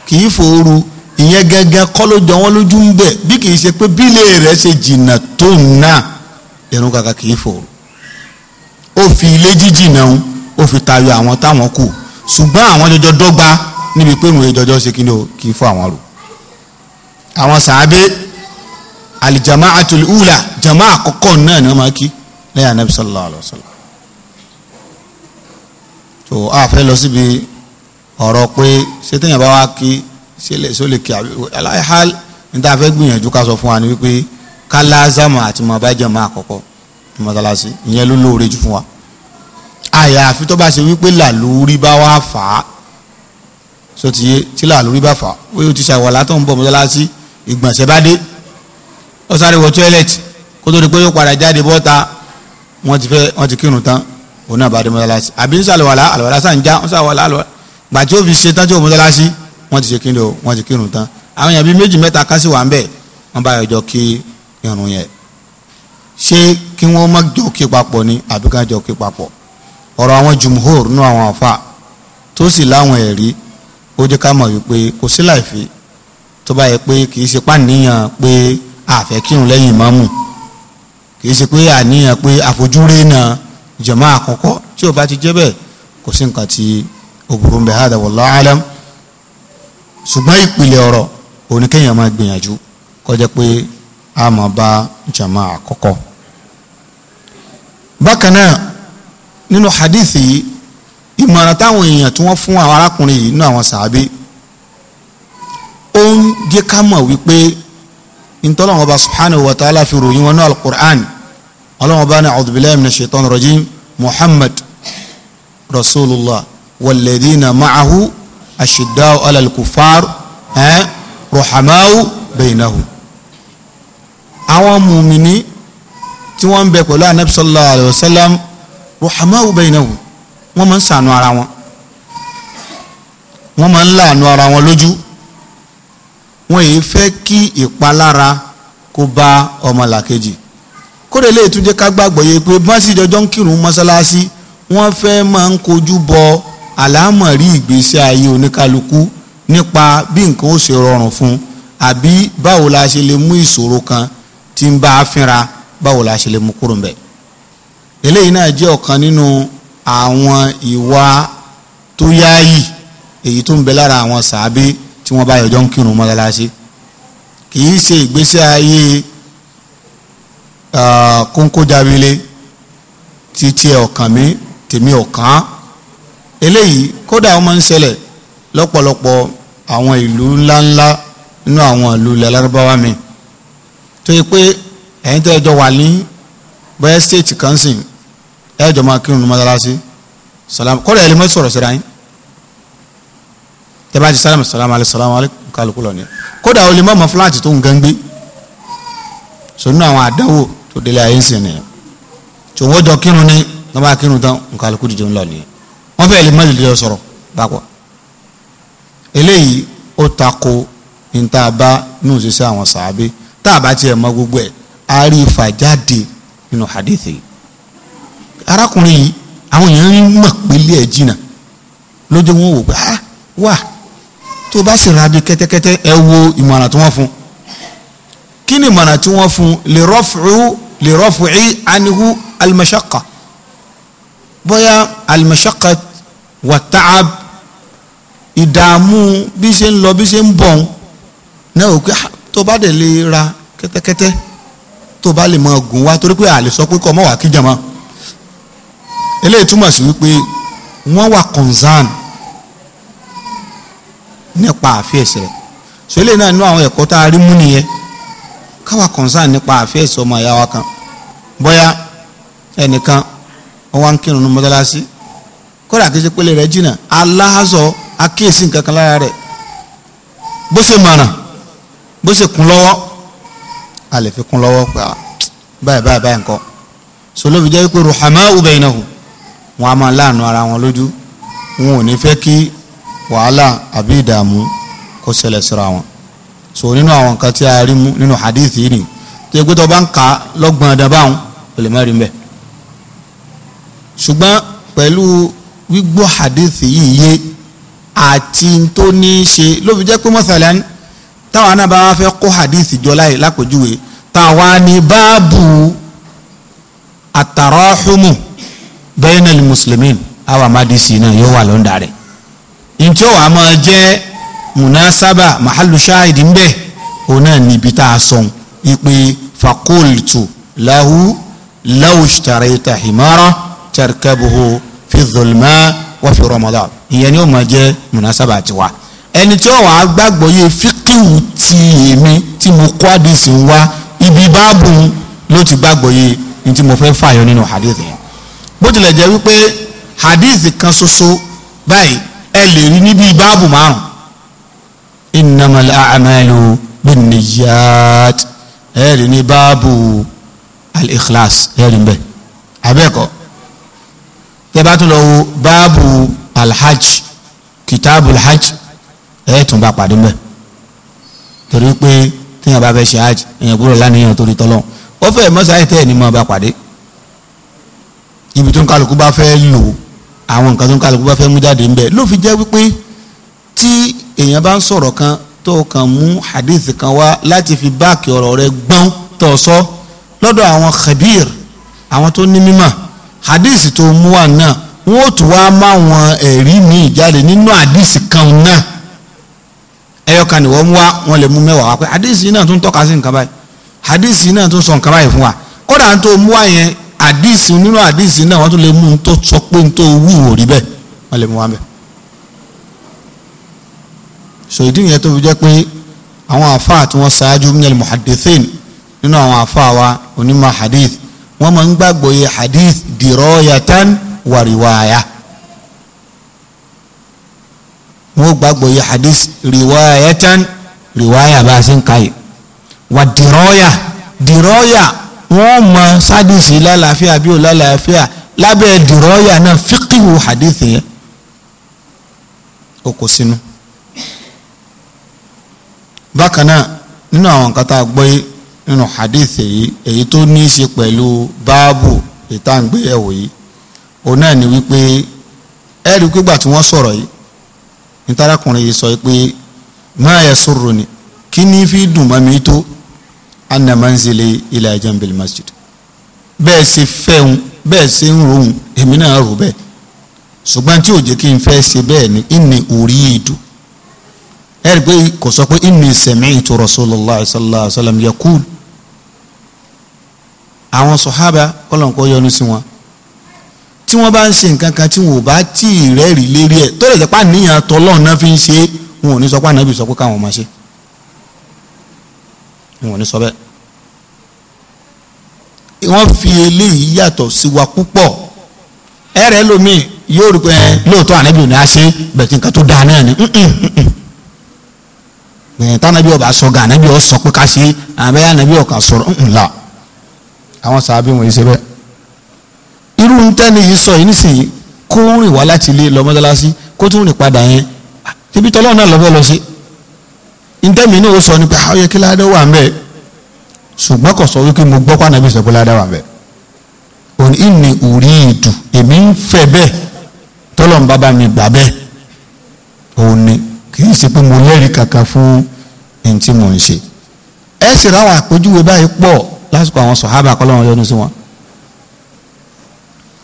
kì í fòoru ìyẹn gẹ́gẹ́ kọ́ lójọ́ wọn lójú ń bẹ̀ bí kì í ṣe pé bílẹ̀ rẹ̀ ṣe jìnnà tó náà ìrun kàkà kì í fòrò ó fi ilé jíjì náà ó fi tayọ àwọn táwọn kù ṣùgbọ́n àwọn jọjọ dọ́gba níbi pé ìrun ìjọjọ ṣe kí ni ó kì í fọ àwọn rò àwọn sàábé aljama'atul ula jama'a àkọ́kọ́ náà ni wọ́n máa kí lẹ́yìn anabi sallallahu alayhi wa sallam tó a fẹ́ lọ síbi ọ̀rọ̀ pé ṣé téèyàn bá wá kí ṣe lè ṣó lè kí aláìhá níta fẹ́ gbìyànjú ká sọ fún wa ni wípé kálásámù àti mọ abájọ máa kọ́kọ́ ní mọ́sálásí ìyẹn ló lóore jù fún wa àyàfi tó bá ṣe wípé làlórí bá wá fà á so ti yé tí làlórí bá fà á ó yóò ti ṣàwàlá tó ń bọ̀ mọ́sálásí ìgbọ̀nsẹ̀ bá dé ó sáré wọ tọ́ẹ̀lẹ̀tì kó tó di pé yóò padà jáde bọ́ta wọ́n ti fẹ́ wọ́n ti kírun tán òun náà bá dé mọ́sálásí àbí ń ṣàlùwàlá àlùwàlá sàn já ń ṣàwàlá àlùwàlá irun yẹn ṣé kí wọ́n má jọ kí papọ̀ ni àbí ká jọ kí papọ̀ ọ̀rọ̀ àwọn jumhur nú àwọn afa tó sì láwọn ẹ̀rí ó jẹ́ ká mọ̀ wípé kò sí láìfi tó bá yẹ pé kì í ṣe pàníyàn pé àfẹ́ kírun lẹ́yìn ìmáàmù kì í ṣe pé àníyàn pé àfojúrí náà jàmáà àkọ́kọ́ tí ò bá ti jẹ́ bẹ́ẹ̀ kò sí nǹkan tí ó ń bẹ hada wallahu alam ṣùgbọ́n ìpìlẹ̀ ọ̀rọ̀ oníkéèyàn máa gbìyànjú kó jẹ́ pé a máa bá jama àkọ́kọ́ bákan náà nínú hadithi yìí ìmọ̀ràn táwọn èèyàn tí wọ́n fún àwọn arákùnrin yìí nínú àwọn sàábé ó ń jẹ́ ká mọ̀ wípé ntọ́lọ́wọ́n ọba subhanahu wa ta'ala fi ròyìn wọn ní alukur'an ọlọ́wọ́n ọba a'udhu billahi minash shaitanir rajim muhammad rasulullah walladhina ma'ahu ashidda'u alal kufar eh, ruhamaa'u baynahum àwọn mùmìnì tí wọ́n ń bẹ pẹ̀lú anabi sallallahu alayhi wa sallam ruhamahu bainahu wọ́n máa ń ṣàánú ara wọn wọ́n máa ń láàánú ara wọn lójú wọ́n yìí fẹ́ kí ìpalára kó bá ọmọlàkejì kódé lè tún jẹ́ ká gbàgbọ́ yẹ pé bá jọjọ́ ń kírun mọ́sálásí wọ́n fẹ́ máa ń kojú bọ àlámọ̀rí ìgbésí ayé oníkálukú nípa bí nǹkan ó ṣe rọrùn fún àbí báwo la ṣe lè mú ìṣòro kan tí ń bá a fínra báwo la ṣe lè mú kúrò ń bẹ̀. eléyìí náà jẹ́ ọ̀kan nínú àwọn ìwà tó yáàyì èyí tó ń bẹ lára àwọn sàábé tí wọ́n bá yọjọ́ ń kírun mọ́ṣáláṣí kì í ṣe ìgbésí ayé kónkójábílé títí ọ̀kan mi tèmi ọ̀kan eléyìí kódà ó ń ṣẹlẹ̀ lọ́pọ̀lọpọ̀ àwọn ìlú ńláńlá nínú àwọn ìlú ilẹ̀ mi tó yẹ pé ẹ̀yin tó ẹjọ́ wà ní bẹ́ẹ̀ state council ẹjọ́ máa kírun mọ́sálásí salamu kọ́lẹ̀ ẹ̀lẹ́mọ́ sọ̀rọ̀ síra yín tẹ́ bá ti sálámù salamu alẹ́ salamu alẹ́ kálukú lọ ni kódà o lè mọ̀ mọ́ fúláàtì tó ń gan gbé sọ̀nù àwọn àdánwò tó délé ayé ń sìn nìyẹn tòun ó jọ kírun ní wọ́n bá kírun tán kálukú dìde ńlọ nìyẹn wọ́n fẹ́ lè má lè lè sọ̀rọ̀ papọ̀ eléyìí ó tako ní tá bá nù sísẹ́ àwọn sàábé tá a bá tiẹ̀ mọ gbogbo ẹ̀ a rí ifá jáde nínú hadithi arákùnrin yìí àwọn èèyàn ń mọ̀ pélé ẹ̀ jìnnà lójú wọn wò pé ah wà tó bá sì ra kẹ́tẹ́kẹ́tẹ́ ẹ wo ìmọ̀ràn tí wọ́n fún kí ni ìmọ̀ràn tí wọ́n fún lè rọ́fù lè rọ́fù ẹ̀ anihu alimashaka bóyá alimashaka wà tààb ìdààmú bí ṣe ń lọ bí ṣe ń bọ̀ ń náà ò pé ah, tó bá dẹ̀ lè ra kẹ́tẹ́kẹ́tẹ́ tó bá lè máa gùn wá torí pé a lè sọ pé kọ́ mọ́ wà kíjà mọ́ eléyìí túmọ̀ sí wípé wọ́n wà concern nípa àfẹ́sẹ̀ rẹ̀ so eléyìí náà nínú àwọn ẹ̀kọ́ tá a rí mú nìyẹn káwa concern nípa àfẹ́sẹ̀ ọmọ ìyá wa kan bóyá ẹnìkan wọn wá ń kírun ní mọ́tálásí kódà kí n ṣe pélé rẹ̀ jìnnà aláhàzọ akéèsí nǹkan kan lára rẹ̀ bó ṣe mọ̀ràn bó ṣe kún lọ́wọ́ a lè fi kún lọ́wọ́ pé ah, báyìí báyìí báyìí nǹkan so ló fi jẹ́ pé ruhamau bainahu wọn a máa láàánú ara wọn lójú wọn ò ní fẹ́ kí wàhálà àbí ìdààmú kó ṣẹlẹ̀ síra wọn so nínú àwọn nǹkan tí a rí mú nínú hadith yìí ni tó yẹ pé tó bá ń kà á lọ́gbọ̀n ọ̀dà báwọn lè má rí mbẹ́ ṣùgbọ́n pẹ̀lú gbígbọ́ hadith yìí yé àti tó ní í ṣe ló fi pé mọ́sálẹ́ táwa náà bá wá fẹ́ kó hadith jọ láì lápèjúwe táwa ní báàbù àtàràhùmù bainal muslimin àwọn amadisi náà yóò wà lọ́ndà rẹ̀ ntí ó wà á máa jẹ́ munasaba mahalu shahid ń bẹ̀ òun náà níbi tá a sọ̀n ipe fakultu lahu law ishtarayta tarkabuhu fi dhulma wa ramadan ìyẹn ni ó máa jẹ́ munasaba tiwa ẹni tí ó wàá gbàgbọ́ yé fíkìwù ti èmi tí mo kọ́ àdìsí wá ibi báàbù ló ti gbàgbọ́ yé ní tí mo fẹ́ fààyàn nínú hadith yẹn bó tilẹ̀ jẹ́ wípé hadith kan ṣoṣo báyìí ẹ lè rí níbi báàbù márùn innamal a'malu binniyat ẹ rí ní báàbù al-ikhlas ẹ rí bẹ́ẹ̀ abẹ́ẹ̀kọ́ tẹ́ bá tún lọ wo báàbù alhaj kìtàbù alhaj ẹ tún bá pàdé mbẹ torí pé téèyàn bá fẹ́ ṣe hajj èèyàn gbúdọ̀ lánìyàn torí tọ́lọ́ ó fẹ́ mọ́sáyì tẹ́ ẹ̀ ní mọ́ bá pàdé ibi tó ń kálukú bá fẹ́ lò àwọn nǹkan tó ń kálukú bá fẹ́ mú jáde mbẹ ló fi jẹ́ wípé tí èèyàn bá ń sọ̀rọ̀ kan tó kàn mú hadith kan wá láti fi báàkì ọ̀rọ̀ rẹ̀ gbọ́n tó sọ lọ́dọ̀ àwọn khabir àwọn tó ní mímọ̀ hadith tó mú wà náà wọ́n ó tún wá máa wọn ẹ̀rí mi jáde nínú hadith kan náà ẹyọ kan ni wọ́n mú wa wọ́n lè mú mẹ́wàá wa pé hadisi náà tún tọ́ka sí nǹkan báyìí hadisi náà tún sọ nǹkan báyìí fún wa kódà tó mú wa yẹn hadisi nínú hadisi náà wọ́n tún lè mú un tó sọ pé n tó wù ú rí bẹ́ẹ̀ wọ́n lè mú wa bẹ́ẹ̀. sọ ìdí nìyẹn tó fi jẹ́ pé àwọn àfáà tí wọ́n ṣáájú minal muhaddithin nínú àwọn àfáà wa onímọ̀ hadith wọ́n máa ń gbàgbọ́ yẹ hadith dirayatan wa riwaya wọ́n gbàgbọ́ yìí hadith riwayatan riwaya bá a ṣe ń ka yìí wà dìrọ́yà dìrọ́yà wọ́n mọ sádìsì lálàáfíà bí ó lálàáfíà lábẹ́ dìrọ́yà náà fíkìwù hadith yẹn ó kó sínú. bákan náà nínú àwọn nǹkan tá a gbọ́ yìí nínú hadith yìí èyí tó ní í ṣe pẹ̀lú báàbù ìtàǹgbéyẹ̀wò yìí òun náà ni wípé ẹ̀rí pé gbà tí wọ́n sọ̀rọ̀ yìí nítàrákùnrin yìí sọ pé ma yasurruni kí ní fi dùn mọ́ mi tó anna manzili ila jambil masjid bẹ́ẹ̀ ṣe fẹ́hun bẹ́ẹ̀ ṣe ń rohun èmi náà rò bẹ́ẹ̀ ṣùgbọ́n tí ò jẹ́ kí n fẹ́ ṣe bẹ́ẹ̀ ni inni uridu ẹ rí pé kò sọ pé inni sami'tu rasulullah sallallahu alaihi wasallam yaqul àwọn sọ̀hábà kọ́lọ̀ǹkọ́ yọ́nú sí wọn tí wọ́n bá ń ṣe nǹkan kan tí wọn ò bá tí ì rẹ́rìí lérí ẹ̀ tó lè jẹ́ pá níyàn tọ́lọ́run náà fi ń ṣe é wọn ò ní sọ pé ànábì sọ pé káwọn máa ṣe wọn ò ní sọ bẹ́ẹ̀. wọ́n fi eléyìí yàtọ̀ sí wa púpọ̀ ẹ̀rẹ̀ lómìn yóò rí pé lóòótọ́ ànábì ní a ṣe bẹ̀tì nǹkan tó dáa náà ni gbẹ̀yìn tánábì ọba sọ gan ànábì ọ sọ pé ká ṣe àbẹ́yà ànábì ọkà sọ̀rọ̀ ńlá àwọn sàábì wọn yìí ṣe bẹ́ẹ̀ irú ń tẹ́ni yìí sọ yìí nísìnyí kó ń rìn wá láti ilé lọ mọ́tálásí kó tún rìn padà yẹn tíbi ah, tọ́lọ́ náà lọ́fẹ́ lọ sí ntẹ́mi ní o sọ ni pé ah, ó yẹ kí ládé wà ń bẹ̀ ṣùgbọ́n kò sọ wípé mo gbọ́ pé ànábì sọ pé ládé wà ń bẹ̀ òní ìní òrí ìdù èmi ń fẹ́ bẹ́ẹ̀ tọ́lọ̀ ń bábá mi gbà bẹ́ẹ̀ òní kì í ṣe pé mo lẹ́rìí kankan fún ẹni tí mò ń ṣe ẹ sì ráwọn àpèjúwe báyìí pọ̀ lásìkò àwọn sọ̀hábà kọ́lọ́wọ́n yọ́nú sí wọn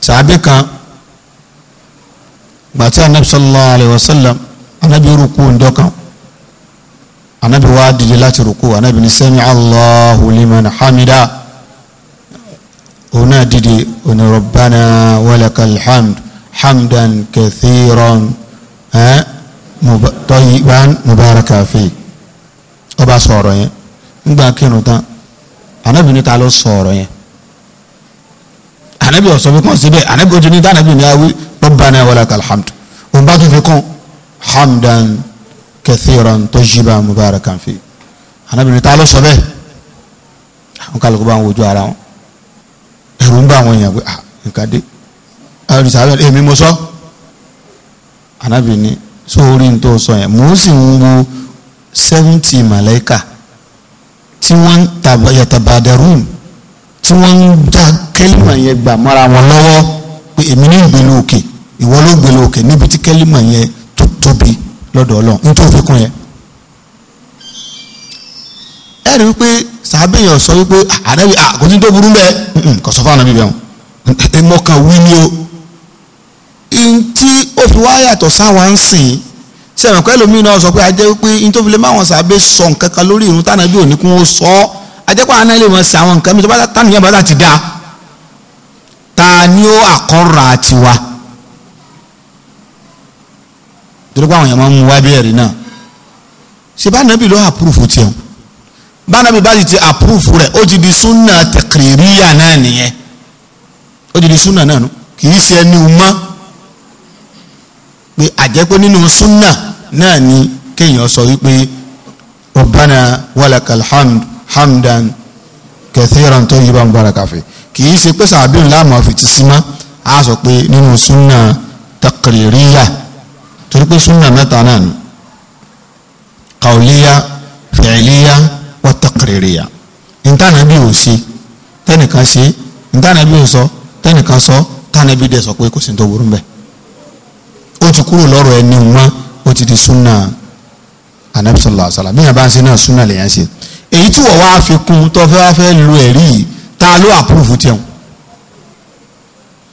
sàbẹ kan gbàtí anabi sallallahu alayhi wa sallam anabi ruku ndọ kan anabi wa dìde láti ruku anabi ni sami allahu liman hamida ona dìde ona rabbana walakal hamd hamdan kathiran ẹ eh, tọyiban mubaraka fi ọba sọ̀rọ̀ yẹn ngbà kírun tán anabi ni ta ló sọ̀rọ̀ yẹn anabi ọ̀sọ́ fi kàn síbẹ̀ anabi ojú ní dáná bí mi awi rabbana walakal hamd òun bá tún kàn hamdan kathiran tajiba mubarakan fi anabi ní ta ló sọ bẹ́ẹ̀ àwọn kálukú bá ń wojú ara wọn ẹ̀rù ń bá àwọn èèyàn pé ah nǹkan dé àwọn ìsàlẹ̀ èmi mo sọ anabi ní sóorí ní tó sọ yẹn mò ń sì ń wo seventy malaika tí wọ́n ń yàtàbàdàrún tí wọ́n ń já kẹ́límà yẹn gbà mọ́ra wọn lọ́wọ́ pé èmi ní ìgbèlú òkè ìwọ ló gbèlú òkè níbi tí kẹ́límà yẹn tó tóbi lọ́dọ̀ ọlọ́run nítorí òfin kún yẹn. ẹ rí i pé sàbẹ̀yàn sọ wípé ah, ànábì ah, kò sí tó burú bẹ́ẹ̀ kò sọ fún ànábì bẹ́ẹ̀ ẹ mọ̀kàn wí ni o. ntí ó fi wá yàtọ̀ sáwọn ń sìn sẹ̀rọ̀ pẹ́lú mi náà sọ pé ajẹ́ wípé ntòfilẹ́ máwọn sàbẹ̀ sọ nǹkan kan lórí ìrún tànàbí òní kún ó sọ ọ́ ajẹ́pọ̀ àná lè mọ̀ sí àwọn nǹkan mi tó bá tánìyàn bá ti dá ta ni ó àkọ́rọ̀ àtiwá torí pé àwọn èèyàn máa ń mu wá bí ẹ̀rí náà ṣe bá nàbì ló àpúrúfù tiẹ̀ bá nàbì bá ti ti àpúrúfù rẹ̀ ó ti di súnà tẹ̀kìrìríyà náà nìyẹn ó ti di súnà náà nù kì ṣe ẹni mọ́ pé àjẹpẹ́ nínú súnà náà ni kéèyàn sọ wípé ọ̀bánà wàlàkàlhàmdù hamdan kathiran tayyiban baraka fi kì í ṣe pé sàbíùn láàmú àfitì símá a sọ pé nínú súnà takririya torí pé súnà mẹ́ta náà ni qawliya fi'liya wa takririya ìtànà bí ò ṣe tẹnìkan ṣe ìtànà bí ò sọ tẹnìkan sọ tànà bí dẹ sọ pé kò sí tó burú mbẹ ó ti kúrò lọ́rọ̀ ẹni wọn ó ti di súnà anabi bí yẹn bá ń ṣe náà súnà lèyàn ṣe èyí tí wọ́n wá fi kún tó fẹ́ wá fẹ́ lu ẹ̀rí yìí ta ló àpúrúfù tiẹ̀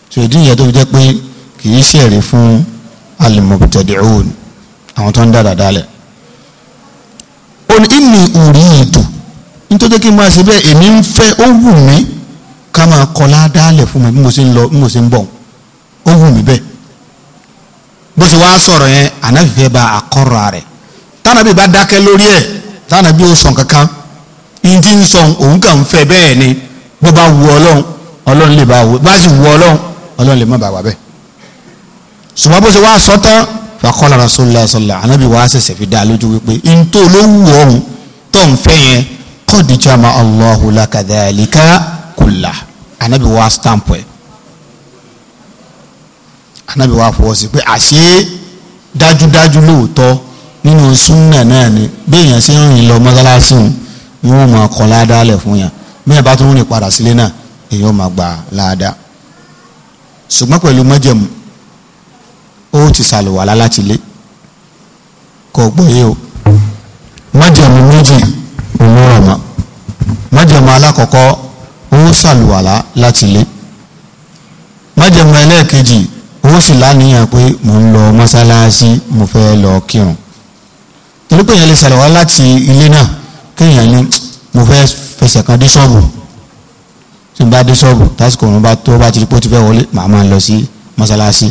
tí òdì yẹn tó fi jẹ́ pé kì í ṣẹ̀rí fún alimọ̀tẹ̀dẹ̀hún àwọn tó ń dára dálẹ̀ ó ní ìní òrí ìdù nítorí kí n máa ṣe bẹ́ẹ̀ èmi ń fẹ́ ó wù mí ká máa kọlá dálẹ̀ fún mi bí mo ṣe ń lọ bí mo ṣe ń bọ̀ ó wù mí bẹ́ẹ̀ bó ṣe wáá sọ̀rọ̀ yẹn ànáfífẹ́ bá àkọ́rọ̀ rẹ̀ tánàbí bá dákẹ́ lórí ẹ̀ tánàbí ó sàn kankan yín ti ń sọ òun kàn ń fẹ́ bẹ́ẹ̀ ni bó bá wu ọlọ́run ọlọ́run lè bá wò bá sì wu ọlọ́run ọlọ́run lè má bá wà bẹ́ẹ̀ ṣùgbọ́n bó ṣe wá sọ tán fàkọ́lá rasulillah sọlá anabi wa ṣẹ̀ṣẹ̀ fi dá a lójú wípé ntó ló wù ọ̀hún tó ń fẹ́ yẹn kọ́ọ̀dì jama allahu lakadà àlìká kùlà anabi wa stamp ẹ̀ anabi wa fọwọ́ sí pé àṣé dájúdájú lóòótọ́ nínú súnnà náà ni bí èèyàn ṣe ń rìn lọ mọ́sálásí yóò máa kọ ládàá lẹ̀ fún yàn bí yàn bá tún rìn padà sílé náà èyí ó máa gbà ládàá ṣùgbọ́n pẹ̀lú májẹ̀mú ó ti ṣàlùwàlá láti lé kò gbọ́yé o májẹ̀mú méjì òun rọ̀ mọ́ májẹ̀mú alákọ̀ọ́kọ́ ó ṣàlùwàlá láti lé májẹ̀mú ẹlẹ́ẹ̀kejì ó sì láníyàn pé mò ń lọ mọ́sálásí mo fẹ́ lọ kírun torí pé yẹn lè ṣàlùwàlá láti ilé náà kéèyàn ní mo fẹ́ fẹsẹ̀ kan dé ṣọ́ọ̀bù tí n bá dé ṣọ́ọ̀bù tásìkò òun bá tó bá ti di pé ó ti fẹ́ wọlé màá máa lọ sí mọ́sálásí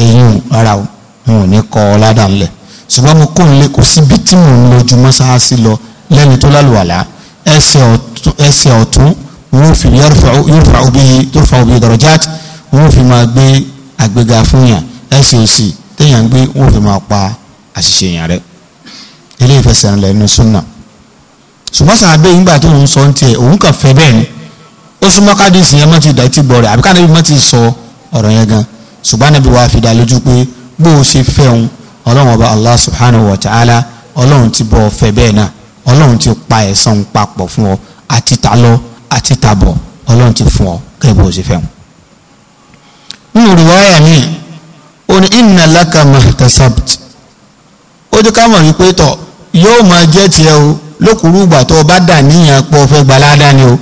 eyín rárá o n ò ní kọ́ ọ ládàá ńlẹ̀ ṣùgbọ́n mo kó nílé kò síbi tí mò ń lọ ju mọ́sálásí lọ lẹ́ni tó lálùwàlá ẹsẹ̀ ọ̀tún wọ́n fi yọ̀rọ̀fà òbí yọ̀rọ̀fà òbí dọ̀rọ̀ját wọ́n fi máa gbé àgbéga fún yàn ẹsẹ̀ òsì téèyàn gbé wọ́n fi máa pa àṣìṣe yàn rẹ̀ eléyìí fẹsẹ̀ ńlẹ̀ nínú súnà ṣùgbọ́n sàbẹ̀ yìí gbà tó ń sọ tiẹ̀ òun kàn fẹ́ bẹ́ẹ̀ ni ó súnmọ́ kádìsì yẹn mọ́ ti dà tí gbọ́ rẹ̀ sọ ọ̀rọ̀ yẹn gan ṣùgbọ́n ànábì wa fi dá lójú pé bó o ṣe fẹ́ òun ọlọ́run ọba allah subhanahu wa ta'ala ọlọ́run ti bọ́ ọ fẹ́ bẹ́ẹ̀ náà ọlọ́run ti pa ẹ̀san papọ̀ fún ọ àti ta lọ àti ta bọ̀ ọlọ́run ti fún ọ kẹ́ bó o ṣe fẹ́ òun. nínú rìwáyà mi ò ní inna laka mahtasabt ó dé ká mọ̀ wípé tọ̀ yóò máa jẹ́ tiẹ̀ o lókùrú ìgbà tó o bá dà níyàn pé fẹ́ gba ládàá ni o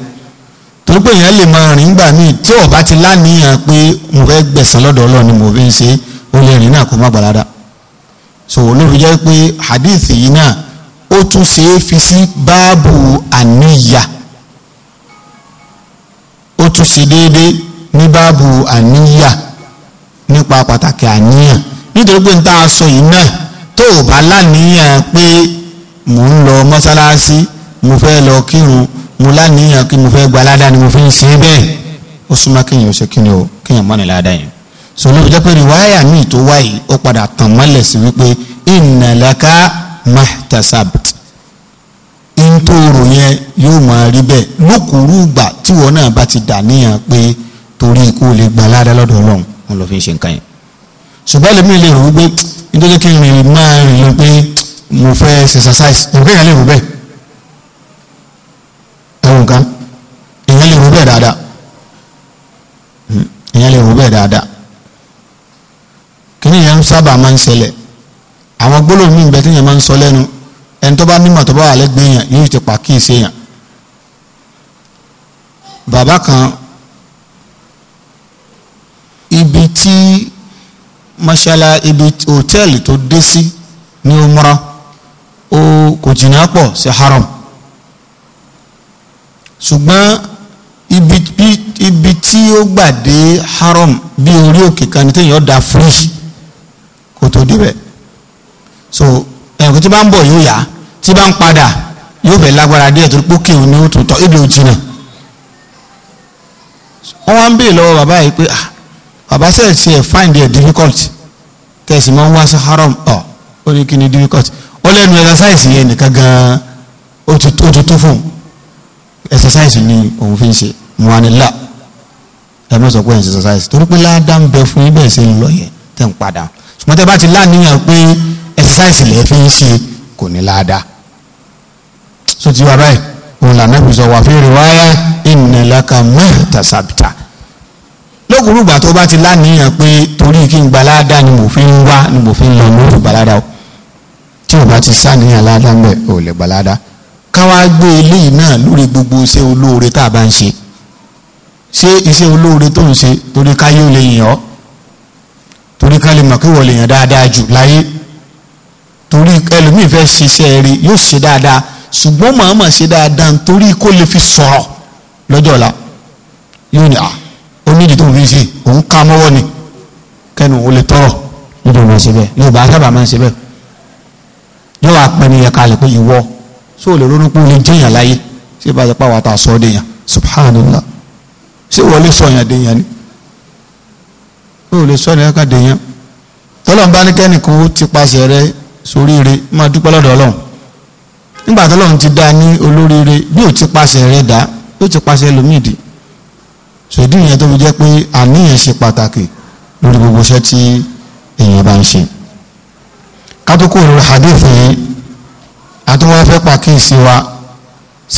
torí pé èèyàn lè máa rìn gbà míì tí o bá ti láníyàn pé mo fẹ́ gbẹ̀sán lọ́dọ̀ Ọlọ́run ni mo fi ń ṣe o lè rìn náà kó má gba ládàá so olórí jẹ́ pé hadith yìí náà ó tún ṣe é fi sí báàbù àníyà ó tún ṣe déédéé ní báàbù àníyà nípa pàtàkì àníyàn nítorí pé n ta sọ yìí náà tó o bá láníyàn pé mò ń lọ mọ́sálásí mo fẹ́ lọ kírun mo láníyàn kí mo fẹ́ gba aládàá ni mo fi ń ṣe bẹ́ẹ̀ ó súnmọ́ kéèyàn ó ṣe kíni o kéèyàn mọ́ni ládàá yẹn sọ ló fi jẹ́ pé rìwáyà míì tó wáyé ó padà tàn mọ́lẹ̀ sí wípé ìnàlákà mahtasabt ntòrò yẹn yóò máa rí bẹ́ẹ̀ lókùrú ìgbà tíwọ náà bá ti dà níyàn pé torí ikú lè gba aládàá lọ́dọ̀ ọlọ́run wọn lọ fi ń ṣe nǹkan yẹn ṣùgbọ́n lèmi lè rò wípé nítorí mo fẹ́ ṣe exercise nǹkan yẹn lè rò bẹ́ẹ̀ ẹ̀rù nǹkan ìyẹn lè rò bẹ́ẹ̀ dáadáa hmm, ìyẹn lè rò bẹ́ẹ̀ dáadáa kí ni ìyẹn sábà máa ń ṣẹlẹ̀ àwọn gbólóhùn mi bẹ́ẹ̀ tí ìyẹn máa ń sọ lẹ́nu ẹni tó bá nímọ̀ tó bá wà lẹ́gbẹ̀ẹ́ yẹn yóò ti pa kí ì ṣe yẹn bàbá kan ibi tí mọ́ṣálá ibi hòtẹ́ẹ̀lì tó dé sí ní umrah ó kò jìnnà pọ̀ sí haram ṣùgbọ́n ibi ibi tí ó gbà haram bí orí òkè kan ní téèyàn da free kò tó débẹ̀ so ẹ̀kú tí bá ń bọ̀ yóò yá tí bá ń padà yóò fẹ́ lágbára díẹ̀ torí pókè òun ni ó ibi ò jìnnà wọ́n wá ń bèè lọ́wọ́ bàbá yìí pé ah, bàbá sẹ́ẹ̀ tiẹ̀ find it difficult kẹ̀sì máa ń wá sí haram ọ̀ ó ní kí ni difficult ó lẹ́nu ẹ̀sásáìsì yẹn nìkan gan-an ó ti tó fún ẹ̀sásáìsì ni òun fi ń ṣe mùwánilá ẹ mọ̀ sọ pé ẹ̀sásáìsì torí pé ládá ń bẹ fún ibẹ̀ ṣe ń lọ yẹn tẹ̀ ń padà ṣùgbọ́n tẹ́ bá ti láníyàn pé ẹ̀sásáìsì lẹ́ fi ń ṣe kò ní ládá so ti wá báyìí òun làná fi sọ wà fi rí wáyà ìnìlákà mẹ́ta sábìtà lókùrùgbà tó bá ti láníyàn pé torí kí ni mo fi ń wá ni mo fi ń lọ tí o bá ti sáníyàn ládàá ń bẹ ò lè gbà ládàá káwá gbé eléyìí náà lórí gbogbo iṣẹ́ olóore tá a bá ń ṣe ṣé iṣẹ́ olóore tó ń ṣe torí káyé ò lè yìn ọ́ torí ká lè mọ̀ kí wọ́n lè yàn dáadáa jù láyé torí ẹlòmíì fẹ́ ṣiṣẹ́ rí yóò ṣe dáadáa ṣùgbọ́n màmá ṣe dáadáa nítorí kó lè fi sọ̀rọ̀ lọ́jọ́ ọ̀la yóò ní à onídìí tó ń fi ṣe òun ká mọ́wọ́ ni kẹ́nu ò lè tọrọ nítorí wọn ṣe bẹ́ẹ̀ yóò bá sábà máa ṣe bẹ́ẹ̀ yóò wá pẹ́ni yẹ kalẹ̀ pé ìwọ ṣé o lè ronú pé o lè jẹ́yàn láyé ṣé ìbá yẹpẹ́ wa ta sọ ọ́ dèyàn subhanallah ṣé ìwọ lè sọ yàn dèyàn ni o lè sọ yàn ká dèyàn tọ́lọ́n bá ní kẹ́nìkan ó ti paṣẹ rẹ soríire máa dúpẹ́ lọ́dọ̀ ọlọ́run nígbà tọ́lọ́run ti dá ní olóríire bí ò ti paṣẹ rẹ dá ó ti paṣẹ lómìdì ṣèdí ìyẹn tó fi jẹ́ pé àníyàn ṣe pàtàkì lórí gbogbo iṣẹ́ tí èèyàn bá ń ṣe kátókò lórí hadith yìí àtúwọ́ fẹ́ pàkíyèsí wa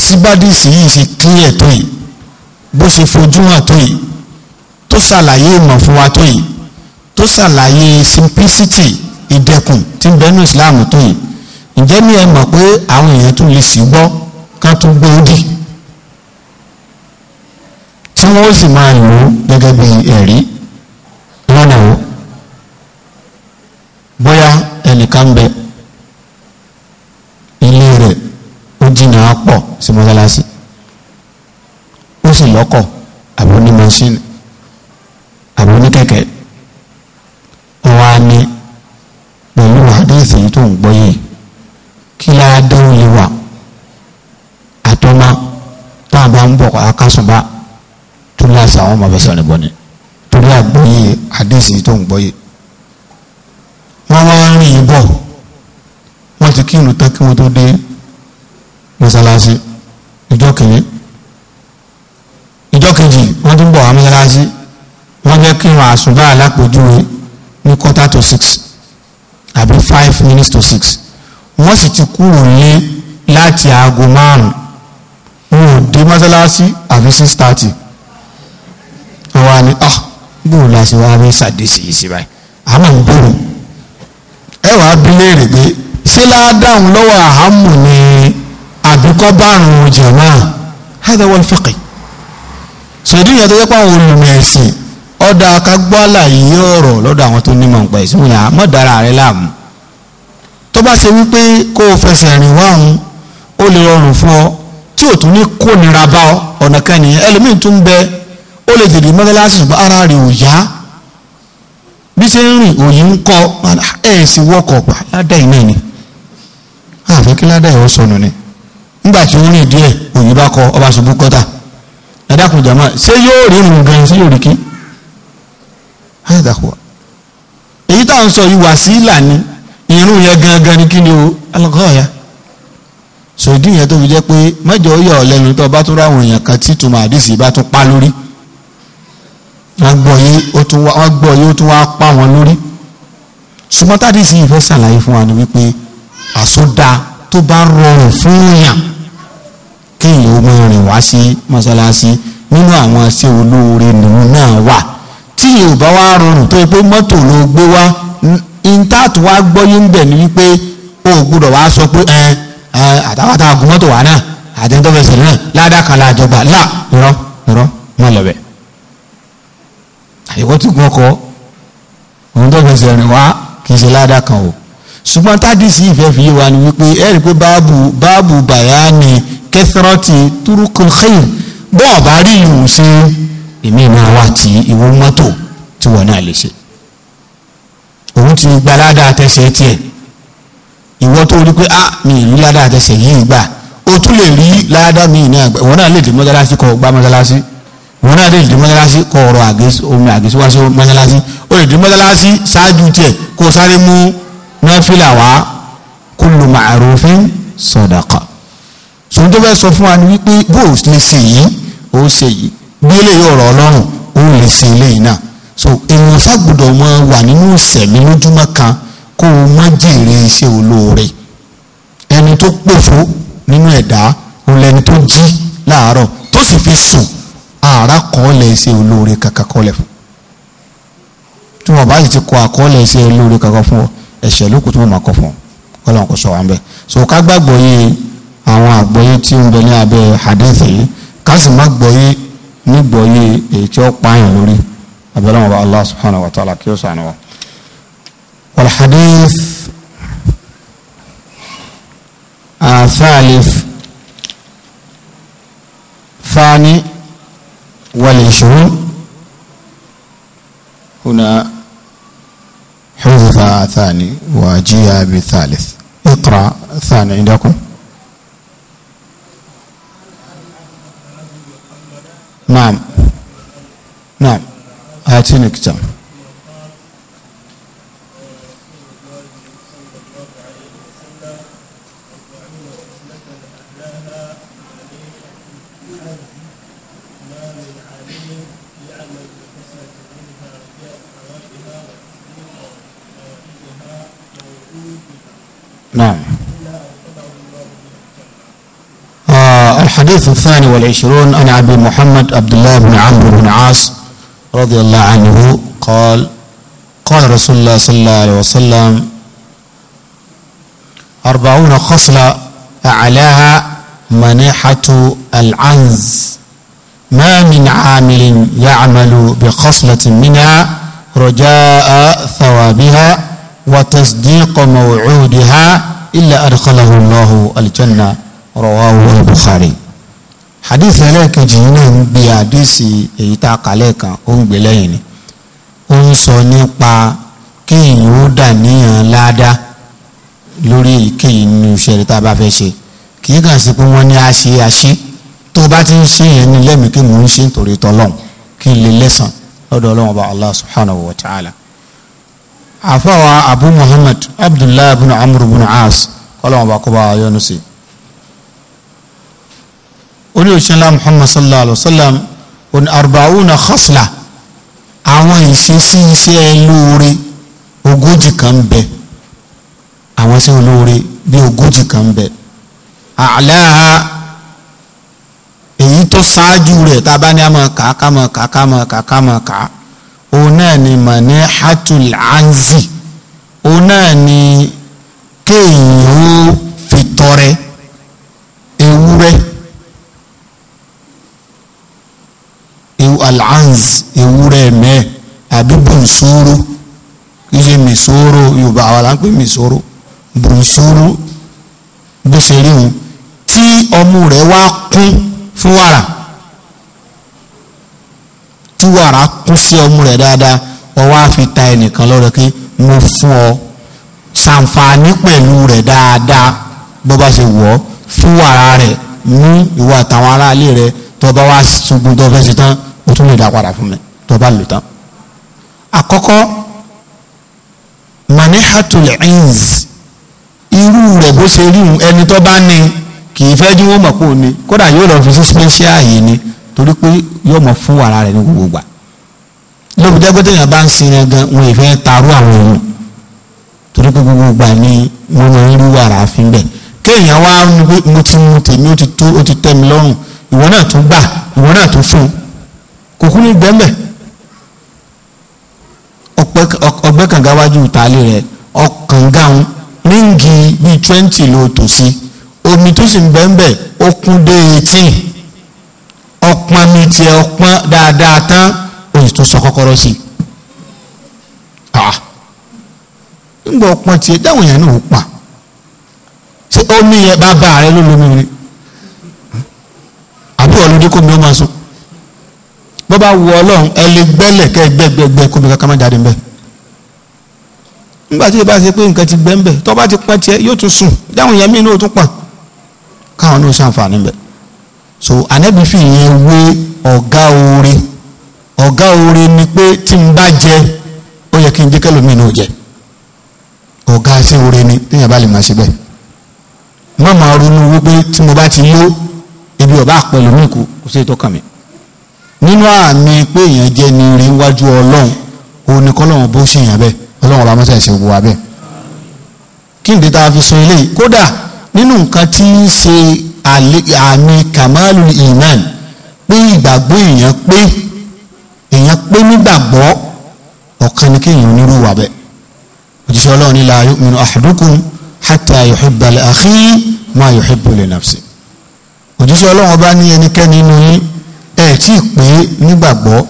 síbádìsì yìí ṣe clear tó yìí bó ṣe fojú hàn tó yìí tó ṣàlàyé ìmọ̀ fún wa tó yìí tó ṣàlàyé simplicity ìdẹkùn tí bẹnu Islam tó yìí ǹjẹ́ ní ẹ mọ̀ pé àwọn èèyàn tún lè sì gbọ́ ká tún gbé ó dì tí wọ́n sì máa lò ó gẹ́gẹ́ bí ẹ̀rí lọ́nà wo bóyá ẹnìkan ń bẹ ilé rẹ̀ ó jìnnà á pọ̀ sí mọ́sálásí ó sì lọ́kọ̀ àbí ó ní mọ́ṣíìnì àbí ó ní kẹ̀kẹ́ ọwọ́ á ní pẹ̀lú àdéhìsì yìí tó ń gbọ́ yìí kí ládùn yìí wà àtọ́mọ́ tá a bá ń bọ̀ akásùnbá tó láṣà àwọn ọmọ bẹ́sẹ̀ ọ̀nìbọ̀nì torí àgbọ́yé àdéhìsì yìí tó ń gbọ́ yìí wọ́n wá rìn bọ̀ wọ́n ti kírun tán kí wọ́n tó dé mọ́sálásí ìjọ kìíní ìjọ kejì wọ́n tún bọ̀ wá mọ́sálásí wọ́n jẹ́ kírun àsùbá alápòjúwe ní quarter to six àbí five minutes to six wọ́n sì ti kúrò lé láti aago márùn-ún wọn ò dé mọ́sálásí àfi six thirty wọ́n wá ní ah bóun la ṣe wá rí sàdésì yìí sí báyìí àmọ́ ń bẹ̀rù ẹ wàá bí léèrè pé ṣé ládàáhùn lọ́wọ́ àhámù ni àbíkọ́ bárùn jẹ̀mọ́ hada wal fiqh sòdí ìyẹn tó yẹ pé àwọn olùmọ̀ ẹ̀sìn ọ̀dà akagbọ́là yìí ọ̀rọ̀ lọ́dọ̀ àwọn tó nímọ̀ nípa ẹ̀sìn wọn yà mọ́ dára rẹ láàmú tó bá ṣe wípé kó o fẹsẹ̀ rìn wáhùn ó lè rọrùn fún ọ tí ò tún ní kó nira bá ọ ọ̀nà kan ẹlòmíì tún bẹ ó lè dèdè mọ́tẹ́lá bí ṣe ń rìn òyì ń kọ ẹ̀ sì wọkọ̀ pa ládà iná ni àfi kí ládà ó sọnù ni nígbà tí ó rìn bá kọ ọba ṣubú kọ́tà ẹ̀dàkùn jàmá ṣé yóò rí ìrùn gan sí yóò rí kí èyí tá ń sọ yìí wà sí irun yẹn gangan ni kí ni o sòdí yẹn tó jẹ́ pé ọ́ lẹ́nu wọ́n gbọ́ yé ó tún wá wọ́n gbọ́ yé ó tún wá pa wọn lórí ṣùgbọ́n tádé sì fẹ́ fún wa ni wípé àsọdá tó bá rọrùn fún èèyàn kéèyàn ó máa rìn wá sí mọ́ṣáláṣí nínú àwọn aṣẹ́ olóore nìyí náà wà tí yóò bá wá rọrùn tó yẹ pé mọ́tò ló gbé wá intaatu wá gbọ́ yín bẹ̀ ni wípé o gbúdọ̀ wá sọ pé ẹ àtàwátà agun wà náà àtẹnudọ́fẹsẹ̀ náà ládàkàlà àjọgbà là irọ́ irọ́ mọ́ àyẹ̀wò tó gun ọkọ̀ òun tó fẹsẹ̀ rìn wá kì í ṣe ládàá kan o ṣùgbọ́n tádìsí ìfẹ́ fi yé wa ni wípé ẹ rí i pé báàbù báàbù bàyáni kẹsìrọ́tì turukul khayr bọ́ọ̀ bá rí ìlú ṣe èmi náà wà tí ìwọ mọ́tò tí wọ́n náà lè ṣe òun ti gba ládàá tẹ̀sẹ̀ tiẹ̀ ìwọ tó rí pé a ah, mi ì rí ládàá tẹ̀sẹ̀ yìí gbà o tún lè rí ládàá mi náà gbà ìwọ náà lè dé mọ́tàlásí kọ́ gbá mọ́tàlásí wọn náà lè di mọ́sálásí kọ ọ̀rọ̀ omi àgẹ́síwáṣọ mọ́sálásí ó lè di ṣáájú tiẹ̀ kó sáré mú náfìlà wá kullu ma'rufin sadaqa sòun tó fẹ́ sọ fún wa ni wípé bó o lè ṣe yìí o ṣe yìí bí eléyìí ọ̀rọ̀ ọlọ́run o lè ṣe eléyìí náà so èèyàn ṣàgbọ́dọ̀ mọ wà nínú ìṣẹ̀mí lójúmọ́ kan kó o má jèrè iṣẹ́ olóore ẹni tó pòfo nínú ẹ̀dá òun lẹni tó jí láàárọ̀ tó sì fi sùn ààrá kọ́ọ̀lẹ̀ ṣe olóore kankan kọ́ọ̀lẹ̀ fún tí wọn bá sì ti kọ àkọọ́lẹ̀ ṣe olóore kankan fún ọ ẹ̀ṣẹ̀ ló kù tí wọn máa kọ fún ọ kọ́lọ̀ kò sọ wà ń so ká gbàgbọ́ yé àwọn àgbọ́yé tí ń bẹ ní abẹ́ hadith yìí ká sì má gbọ́yé nígbọ́yé èyí tí ó pààyàn lórí abẹ́rẹ́ wọn bá Allah subhanahu wa ta'ala kí ó sànù wa. wal hadith athalif fani. والعشرون هنا حذف ثاني وجيء بثالث اقرأ ثاني عندكم نعم نعم هاتين الكتاب نعم آه، الحديث الثاني والعشرون عن أبي محمد عبد الله بن عمرو بن عاص رضي الله عنه قال قال رسول الله صلى الله عليه وسلم أربعون خصلة أعلاها منحة العنز ما من عامل يعمل بخصلة منها رجاء ثوابها وتصديق موعودها إلا أدخله الله الجنة رواه البخاري حديث عليك جنان بياديسي يتاق عليك أم بلين أم صنيقا كي يودا نيا لادا lórí kéyìí nínú iṣẹ́ rẹ̀ tá a bá fẹ́ ṣe kì í kàn sí pé wọ́n ní a ṣe a ṣe tó bá ti ń ṣe yẹn ní lẹ́mìí kí mò ń ṣe nítorí tọ́lọ́hún kí n lè lẹ́sàn lọ́dọ̀ ọlọ́run ọba Allah subhanahu wa ta'ala àfọwà abu muhammad abdullahi bin amr bin as kọlọ́wọ́n bá kọ́ bá yọnu sí. oní òṣèlú muhammad sallallahu alayhi wa sallam oní arba'una khasla àwọn ìṣesí iṣẹ́ lóore ogójì kan bẹ àwọn iṣẹ́ olóore bí ogójì kan bẹ àláha èyí tó ṣáájú rẹ̀ tá a bá ní a máa òun náà ni mani hatul anzi òun náà ni kéèyàn ó fi tọrẹ ewúrẹ́ al-anz ewúrẹ́ mẹ́ẹ̀ àbí bùnsóró kì í ṣe mìsóró yorùbá àwọn là ń pè mìsóró bùnsóró bó ṣe rí wọn tí ọmú rẹ̀ wá kún fún wàrà tí wàrà kún sí ọmú rẹ̀ dáadáa wọ́n wá fi ta ẹnìkan lọ́rọ̀ pé mo fún ọ ṣàǹfààní pẹ̀lú rẹ̀ dáadáa bó bá ṣe wọ̀ ọ́ fún wàrà rẹ̀ mú ìwọ àtàwọn aráalé rẹ̀ tó bá wá ṣùgbọ́n tó fẹ́ ṣe tán o tún lè dá padà fún mi tó bá lò tán. àkọ́kọ́ manihatul inz irú rẹ̀ bó ṣe rí ẹni tó bá ní kì í fẹ́ jí wọ́n mọ̀ pé òní kódà yóò lọ fi sí special yìí ni torí pé yóò mọ fún wàrà rẹ̀ ní gbogbo gbà lóbi dẹ́gbẹ́tẹ́ yẹn bá ń sinmi gan wọn ì fẹ́ taarú àwọn èèyàn torí pé gbogbo gbà ni wọn máa ń rí wàrà fi bẹ̀ kéèyàn wá mo ti mu tèmi ó ti tó ó ti tẹ́ mi lọ́rùn ìwọ náà tún gbà ìwọ náà tún fún kò kú ní gbẹ́mbẹ́ ọgbẹ́ kànga wájú ìtàlẹ́ rẹ̀ ọkànga ń bíi twenty ló tò sí omi tó sì ń bẹ́ńbẹ́ ó kún dé eighteen ọpọn mi tiẹ̀ ọpọn dáadáa tán o sì tún sọ kọ́kọ́rọ́ sí i ah. nígbà ọpọn tiẹ̀ dáwọn èèyàn náà ó pa ṣé omi yẹn bá bá rẹ ló lómi rí àbí ọlọ́dún kò mi ó máa sùn bó bá wù ọlọ́run ẹ lè gbẹ́lẹ̀ kẹ́ gbẹ́gbẹ́gbẹ́ kó mi kankan má jáde mbẹ́ nígbà tí ìbá ṣe pé nǹkan ti gbẹ́ mbẹ́ tó bá ti pọ́n tiẹ̀ yóò tún sùn dáwọn èèyàn míì náà ó tún pọ̀ káwọn náà ṣàǹfààní mbẹ́ so anabi fi yẹn wé ọ̀gá oore ọ̀gá oore ni pé tí n bá jẹ ó yẹ kí n jẹ́ kẹ́lòmíì náà jẹ ọ̀gá sí oore ni téèyàn bá lè máa ṣe bẹ́ẹ̀ má ronú wípé tí mo bá ti yó ibi ọba àpẹlú mi kù kò sí ètò kàn mí nínú àmì pé èèyàn jẹ́ ni rí wájú ọlọ́run òun ni kọ́lọ́run bó ṣe èèyàn bẹ́ẹ̀ ọlọ́run ọba mọ́tà ẹ̀ṣẹ̀ gbogbo wa kí n dé tá fi sọ eléyìí kódà nínú nǹkan tí ń ṣe àmì kàmáàlù iman pé ìgbàgbọ́ èèyàn pé èèyàn pé nígbàgbọ́ ọ̀kan ni kéèyàn onírúwà bẹ́ẹ̀ òjíṣẹ́ ọlọ́run ní la yu'minu ahadukum hatta yuhibba li akhihi ma yuhibbu li nafsi òjíṣẹ́ ọlọ́run ọba ní ẹnikẹ́ni inú yín ẹ̀ tí ì pé nígbàgbọ́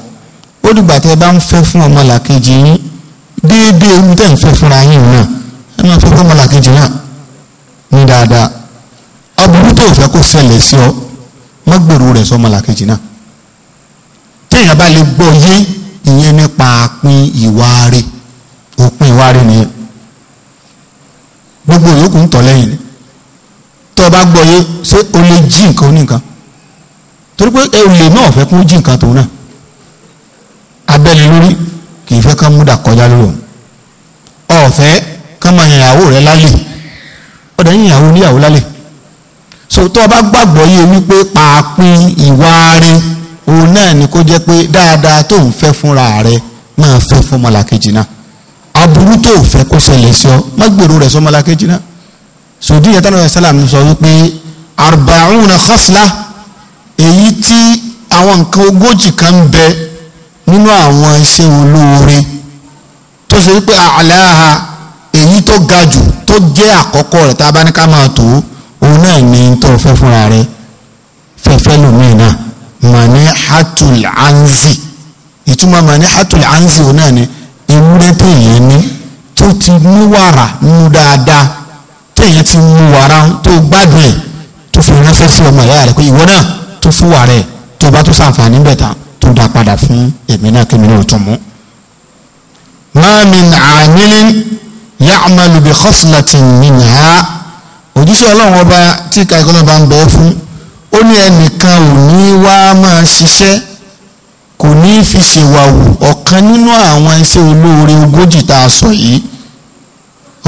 ó dìgbà tẹ́ bá ń fẹ́ fún ọmọlàkejì yín déédéé ohun tẹ́ ń fẹ́ fúnra yín náà ẹ máa fẹ́ fún ọmọlàkejì náà ní dáadáa aburú tó fẹ́ kó ṣẹlẹ̀ sí ọ má gbèrò rẹ̀ sọmọlàkejì náà téèyàn bá lè gbọ́ yé ìyẹn nípa pin ìwà rẹ̀ òpin ìwà rẹ̀ nìyẹn gbogbo yòókù ń tọ̀ lẹ́yìn tó o bá gbọ́ yé ṣé o lè jí nǹkan oníkan torí pé ẹ ò lè náà fẹ́ kún jí nǹkan tòun náà abẹ́ni lórí kì í fẹ́ ká múdà kọjá lórí òun ọ̀fẹ́ ká máa yàn ìyàwó rẹ̀ lálẹ́ ọ̀dọ̀ yín ìyàwó níyàwó lálẹ́ so tó o bá gbàgbọ́ yìí wípé pàápín ìwà rẹ òun náà ni kó jẹ́ pé dáadáa tó ń fẹ́ fúnra rẹ máa fẹ́ fún ọmọlàkejì náà aburú tó o fẹ́ kó ṣẹlẹ̀ sí ọ má gbèrò rẹ̀ sọ ọmọlàkejì náà sòdí yẹn tánà sálàm sọ wípé arbaun khasla èyí tí àwọn nǹkan ogójì kan bẹ nínú àwọn iṣẹ́ olóore tó ṣe wípé àlàáha èyí tó ga jù tó jẹ́ àkọ́kọ́ rẹ̀ tá a bá ní ká máa tó o òun náà ní tó fẹ́ fúnra rẹ fẹ́fẹ́ lòmíì náà mani hatul anzi ìtumọ̀ mani hatul anzi òun náà ni ewúrẹ́ téèyàn ní tó ti mú wàrà mú dáadáa téèyàn ti mú wàrà tó gbádùn ẹ̀ tó fi ránṣẹ́ sí ọmọ ìyá rẹ̀ pé ìwọ náà tó fún wàrà ẹ̀ tó bá tó sàǹfààní bẹ̀ tán tó dá padà fún èmi náà kémi náà tún mú. ma min amilin ya'malu bi khaslatin minha òjíṣẹ́ ọlọ́run ọba tí kakọ́lọ́ bá ń bẹ fún ó ní ẹnìkan ò ní wá máa ṣiṣẹ́ kò ní fi ṣèwàwù ọ̀kan nínú àwọn iṣẹ́ olóore ogójì tá a sọ yìí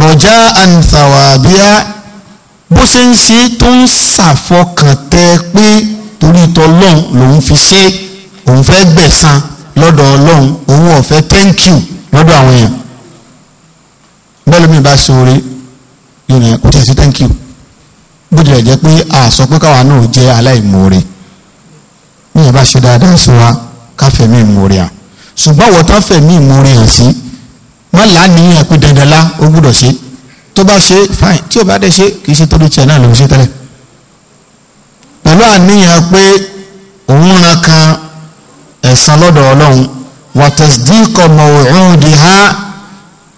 rọjá àǹtàwàbíà bó ṣe ń ṣe tó ń ṣàfọkàntẹ pé torí tọlọ́run lòun fi ṣe òun fẹ́ gbẹ̀san lọ́dọ̀ ọlọ́run òun ọ̀fẹ́ thank you lọ́dọ̀ àwọn èèyàn bẹ́ẹ̀ lómi bá ṣe oore ìrìn kò tiẹ̀ sí thank you bó tilẹ̀ jẹ́ pé a pé káwa náà jẹ́ aláìmoore ní ìyẹn bá ṣe dáadáa sí wa káfẹ̀mí ìmoore hàn ṣùgbọ́n wọ́n tán fẹ̀mí ìmoore hàn sí má lánìyàn pé dandan lá gbúdọ̀ ṣe tó bá ṣe fine tí o bá dẹ̀ ṣe kì í ṣe torí tiẹ̀ náà ló ń ṣe tẹ́lẹ̀ pẹ̀lú àníyàn pé òun ran kan ẹ̀san lọ́dọ̀ ọlọ́run wàtẹ̀sídìkọ̀ mọ̀ọ́dì hàn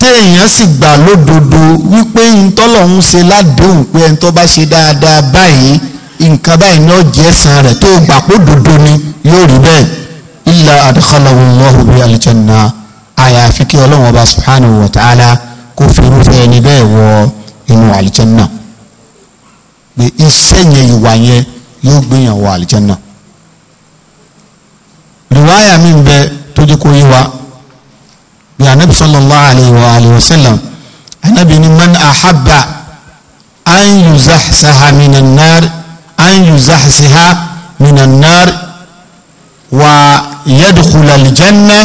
téèyàn sì gbà lódodo wípé ntọ́lọ́hún ṣe ládùn pé ẹni tó bá ṣe dáadáa báyìí nǹkan báyìí ní ọjọ́ ẹ̀sán rẹ̀ tó gbà pé dodo ni yóò rí bẹ́ẹ̀ illa adkhalahu Allahu bi al àyàfi kí ọlọ́run ọba subhanahu wa ta'ala kó fi irúfẹ́ ẹni bẹ́ẹ̀ wọ inú àlìjẹ́nà pé iṣẹ́ yẹn ìwà yẹn yóò gbìyànwó àlìjẹ́nà rìwáyà mi ń bẹ tó kó yé wa ní anabi sallallahu alayhi wa alayhi wa sallam anabi ni man ahabba an yuzahzaha minan nar an yuzahzaha minan nar wa yadkhula aljanna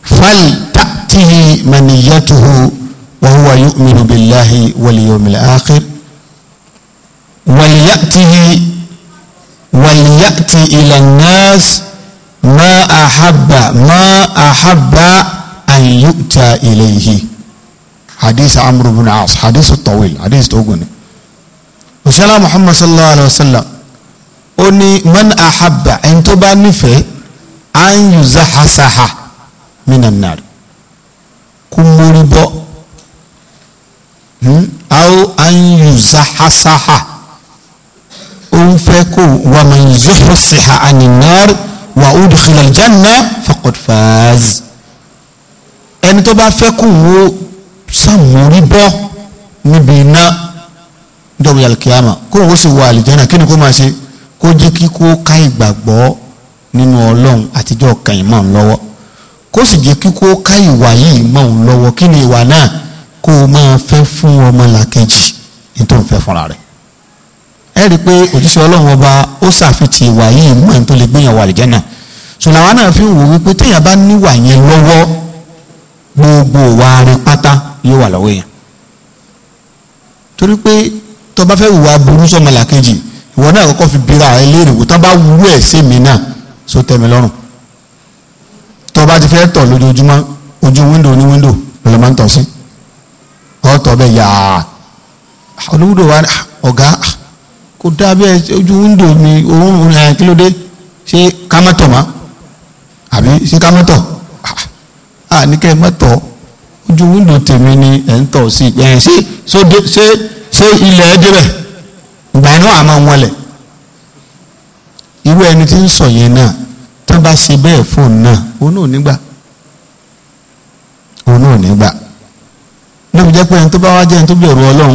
fal ta'tihi maniyatuhu wa huwa yu'minu billahi wal yawmil akhir wal ya'tihi wal ya'ti ila an ma ahabba ma ahabba an yu'ta ilayhi hadith amr ibn as hadith tawil hadith tó gùn ni òṣèlá muhammad sallallahu alayhi wa sallam ó ní man ahabba ẹni tó bá nífẹ̀ẹ́ an yuzahasaha minan nar kó mórí bọ́ hmm? aw an yuzahasaha ó ń fẹ́ kó wàmọ̀ yuzahasaha anin nar wà ó dùkìlà ìjánná faqad faz ẹni tó bá fẹ́ kó wo sàmúrí bọ́ níbi iná dọ̀bù yàlùkìyàmà kó wo sì wọ àlìjánà kí ni kó máa ṣe kó jẹ́ kí kó ká ìgbàgbọ́ nínú ọlọ́run àtijọ́ kàyìn mọ́ ń lọ́wọ́ kó sì jẹ́ kí kó ká ìwà yìí mọ́ ń lọ́wọ́ kí ni ìwà náà kó o máa fẹ́ fún ọmọ làkejì ní tó ń fẹ́ fúnra rẹ̀ ẹ rí i pé òjíṣẹ́ ọlọ́run ọba ó ṣàfitì ìwà yìí mọ́ ẹni tó lè gbéyàn wà lìjẹ́ ṣùgbọ́n náà fi wò wípé téèyàn bá níwà yẹn lọ́wọ́ gbogbo wa rẹ pátá yóò wà lọ́wọ́ yẹn torí pé tó bá fẹ́ wùwà burú sọ́mọlà kejì ìwọ náà kọ́kọ́ fi bíra ẹ léèrè wò tán bá wú ẹ̀ sí mi náà so tẹ́ lọ́rùn tó bá ti fẹ́ tọ̀ lójoojúmọ́ ojú wíńdò ní wíńdò lọ́lọ́ máa ń tọ̀ sí ọ̀tọ̀ bẹ́ẹ̀ yàrá ah, ọ̀gá ah, kò dá bẹ́ẹ̀ ojú wíńdò mi òun òun ẹ̀ kí ló dé ṣé ká má tọ̀ má àbí ṣé ká má tọ̀ à ní kẹ́ ẹ má tọ̀ ojú wíńdò tèmi ni ẹ̀ ń tọ̀ sí ẹ̀ ṣé ṣé ṣé ilẹ̀ ẹ̀ débẹ̀ ìgbà inú àmọ́ wọn lẹ̀ irú ẹni tí ń sọ yẹn náà tí wọ́n bá ṣe bẹ́ẹ̀ fóun náà òun náà nígbà òun náà nígbà níbi jẹ́ pé ẹni tó bá wá jẹ́ ẹni tó bẹ̀rù ọlọ́run